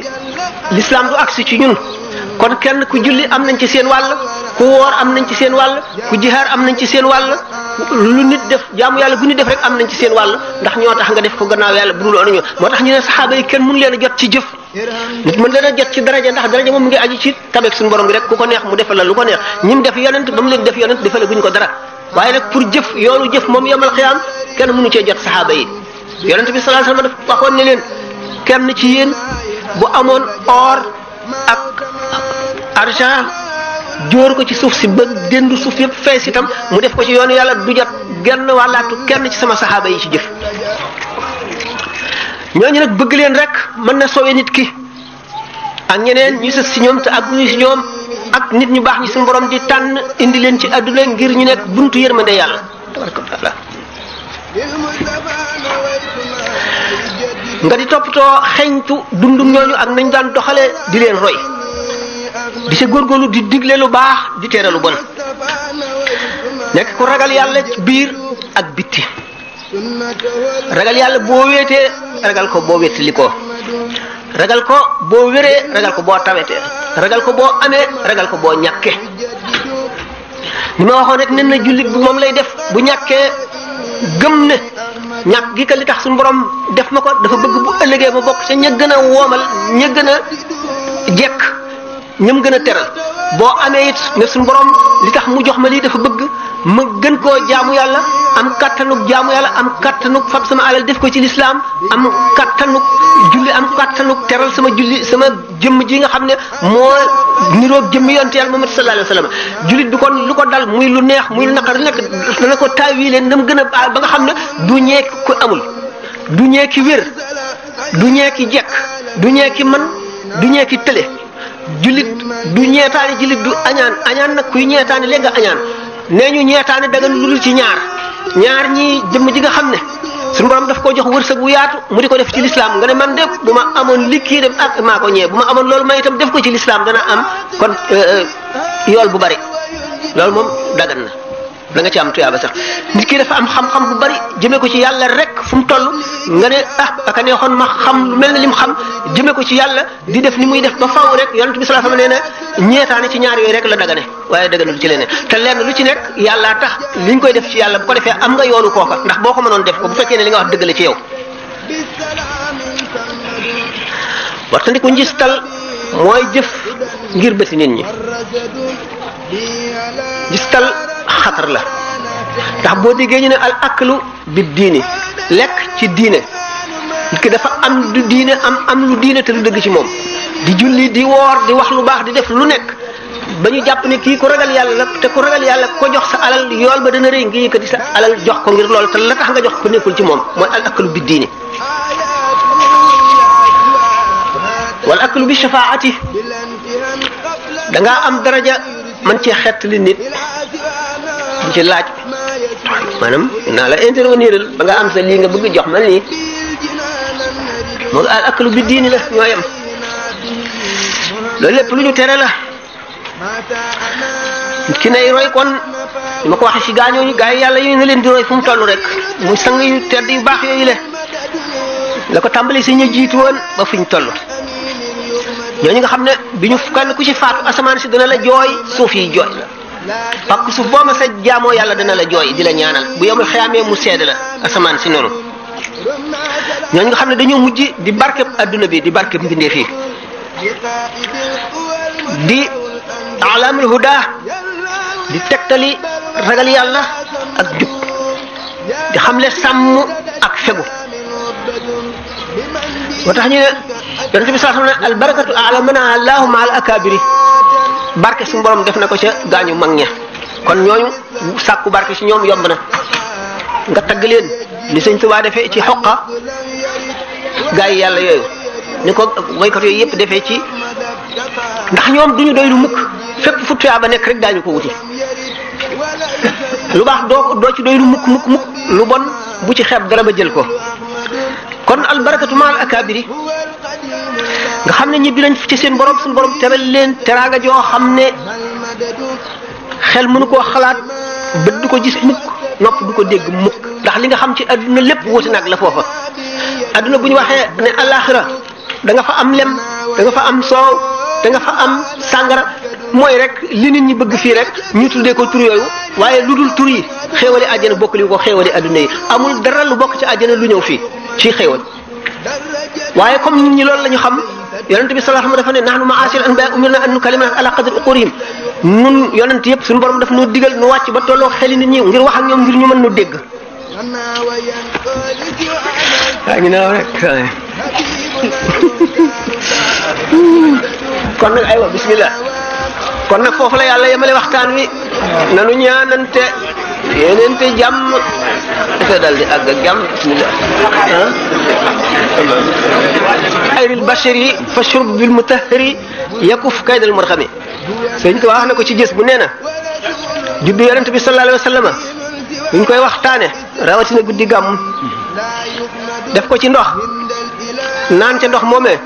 lislaam du agsi ci ñun kon kenn ku julli am nañ ci seen wàll ku woor am nañ ci seen wàll ku jihaar am nañ ci seen wàll lu nit def jaamu yàlla gu nit def rek am nañ ci seen wàll ndax ñoo tax nga def ko gannaaw yàlla bu dul woon ñu moo tax ñu ne saxaaba yi kenn mënu leen a jot ci jëf daraja ndax daraja moom mu ngi aju ci tabeek suñu borom bi rek ku ko neex mu defal la lu ko neex ñim def yonent ba mu leen def yonent defal la guñ ko dara waaye nag pour jëf yoonu jëf moom yomal xiyaam kenn mënu cee jot saxaaba yi yonent bi sallallahu argent jóor ko ci suuf si ba déndu suuf yëpp fees itam mu def ko ci yoonu yàlla du jot genn wàllaatu kenn ci sama saxaaba yi ci jëf ñooñu nag bëgg leen rek mën na soowe nit ki ak ñeneen ñu sës si ñoom te àgguñu si ñoom ak nit ñu baax ñi si mboroom di tànn indi leen ci àdduna ngir ñu nekk buntu yërmande yàlla tabaraka taala nga di toppatoo xeñtu dundum ñooñu ak nañu daan doxale di leen roy di ca góorgóorlu di digle lu baax di tere lu bon nekk ku ragal yàlla ci biir ak bitti ragal yàlla boo wéetee ragal ko boo wéttali ko ragal ko boo wéree ragal ko boo tawetee ragal ko boo amee ragal ko boo ñàkkee li ma waxoon rek nen na jullit moom lay def bu ñàkkee gëm ne ñàkk gi ka li tax su borom def ma ko dafa bëgg bu ëllëgee ma bokk ca ña gën a woomal ña gën a jekk ñam gën a teral boo amee it ne suñu borom li tax mu jox ma lii dafa bëgg ma gën koo jaamu yàlla am kattanuk jaamu yàlla am kattanuk fab sama alal def ko ci lislaam am kattanuk julli am kattanuk teral sama julli sama jëmm ji nga xam ne moo niroog jëm yonte yàlla Muhammad sallallahu alayhi wasallam jullit bi ko lu ko dal muy lu neex muy lu naqar nekk dana ko taawilee na mu gën a baal ba nga xam ne du ñee ko amul du ñee ki wér du ñee ki jekk du ñee ki du ñee ki jullit du ñeetaane jullit du añaan añaan nag kuy ñeetaane léegi nga añaan nee ñu ñeetaane dagan lu dul ci ñaar ñaar ñii jëmm ji nga xam ne suñu borom daf koo jox wërsëg bu yaatu mu di ko def ci lislaam nga ne man de bu ma amoon li kii dem ak maa ko ñee bu ma amoon loolu may itam def ko ci lislaam dana am kon euh, euh, yool bu bari loolu moom dagan na da nga ci am tuyaaba sax nit ki dafa am xam-xam bu bari jëmee ko ci yàlla rek fu mu toll nga ne ah aka neexoon ma xam lu mel ne lim xam jëmee ko ci yàlla di def ni muy def ba faaw rek yonent bi sallallahu alayhi wasallam nee na ñeetaane ci ñaar yooyu rek la dagane waaye dagane lu ci leneen te lenn lu ci nekk yàllaa tax li koy def ci yàlla bu ko defee am nga yoonu kooka ndax boo ko mënoon def ko bu fekkee ne li nga wax dëgg la ci yow. waxtaandiku njistal mooy jëf ngir bëti nit ñi. ngistal xatar la ndax boo déggee ñu ne al aklu bi diini lekk ci diine nit ki dafa am du diine am am lu diine te du dëgg ci moom di julli di woor di wax lu baax di def lu nekk ba ñu jàpp ne kii ku ragal yàlla la te ku ragal yàlla ko jox sa alal yool ba dana rëy nga yëkkati sa alal jox ko ngir loolu te la tax nga jox ko nekkul ci moom mooy al aklu bi diine wal am daraja man cee xettali nit ci laaj maanaam naa la intervenir ba nga am sa lii nga bëgg jox ma lii moo al akalu bi diini la ñoo yem loolu lépp lu ñu tere la ki nay roy kon li ma ko waxee ci gaañooñu gaa yi yàlla yooyu leen di roy fu mu toll rek muy sang yu tedd yu baax yooyu le la ko tàmbali si ñu jiitu woon ba fu ñu toll ñooñu nga xam ne bi ñu kenn ku ci faatu asamaan si dana la jooy suuf yi jooy la fàkk suuf boo ma sa jaamoo yàlla dana la jooy di la ñaanal bu yomul xeyaamee mu sedd la asamaan si noonu ñooñu nga xam ne dañoo mujj di barkeb adduna bi di barkeb mbindeef yi di alamul huda di tegtali ragal yàlla ak jub ak fegu moo tax ñu ne yonent bi sax xam ne al barakatu alamana allahumma al akabiri barke suñu borom def na ko ca gaañu mag ña kon ñooñu sàkku barke ci ñoom yomb na nga tagg leen li sëñ waa defee ci xoqa gaa yi yàlla yooyu ni ko woykat yooyu yëpp defee ci ndax ñoom duñu doy lu mukk fépp fu tuyaaba nekk rek daañu ko wuti lu baax doo doo ci doy lu mukk mukk mukk lu bon bu ci xeeb dara ba jël ko kon albarakatu maal akabiri nga xam ne ñibbi nañ ci seen borom suñu borom tebal leen teraanga joo xam ne xel mënu koo xalaat bët du ko gis mukk nopp du ko dégg mukk ndax li nga xam ci adduna lépp wuute nag la foofa adduna bu ñu waxee ne alaxira da nga fa am lem danga fa am soow da nga fa am sàngara mooy rek li nit ñi bëgg fii rek ñu tuddee ko tur yooyu waaye lu dul tur yi xéewali àjjana bokk li ko xéewali adduna yi amul dara lu bokk ci àjjana lu ñëw fii ci xéewal waaye comme ñun ñi loolu la ñu xam yonent bi sallallahu alayhi wa sallam dafa ne nahnu ma'ashir anbiya umirna an nukallima ala qadri uqurihim nun yonent yëpp suñu borom daf nu digal nu wàcc ba tolloo xeli nit ñi ngir wax ak ñoom ngir ñu mën nu dégg
waa ngi naaw rek
bismillah kon nag foofu la yàlla yemale waxtaan wi nanu ñaanante yéeneente jàmm te dal di àgg ak jàmm bismillah xayril bashari fa shurb bil mutahhari yakuf kaydal marxami sëñ ko wax na ko ci gis bu nee na juddu yonent bi sallallahu alayhi wa sallama buñ koy waxtaane rawatina guddi gàmm def ko ci ndox naan ca ndox moomee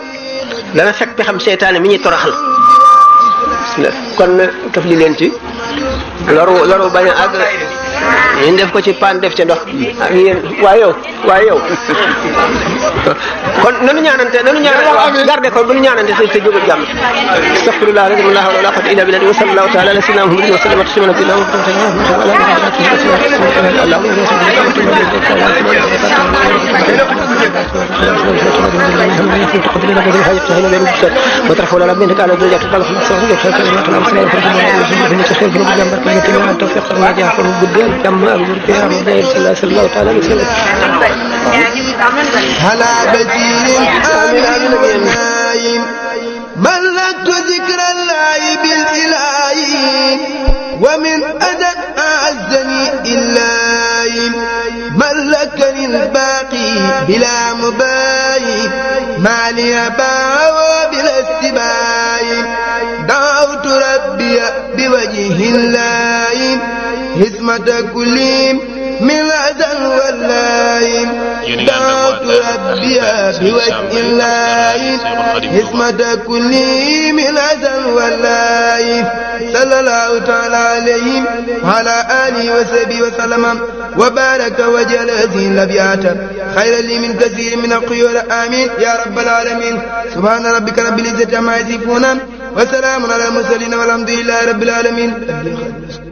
dana fekk bi xam seytaane mi ñuy toroxal kon taf li leen ci loru loru bañ a àgg ñu def ko ci paan def ci ndox ak yéen waaye yow waaye yow kon nanu ñaanante nanu ñaanante garde ko buñu ñaanante sa sa jóg jàmm astaghfirullah alazim la hawla wala quwwata illa billah wa sallallahu ta'ala ala sayyidina muhammadin wa sallam taslima nabiyina wa sallallahu ta'ala ala sayyidina ak jàmm ak nguur gi am na yàlla sallallahu taala alayhi wa
sallam. ala basirin ana حسمة كل ملادا واللايم دعوت ربيا بوجه الله حسمة كل ملادا واللايم صلى الله تعالى عليه وعلى آله وصحبه وسلم وبارك وجل هذه الأبيات خيرا لي من كثير من القيول آمين يا رب العالمين سبحان ربك رب العزة عما يصفون وسلام على المرسلين والحمد لله رب العالمين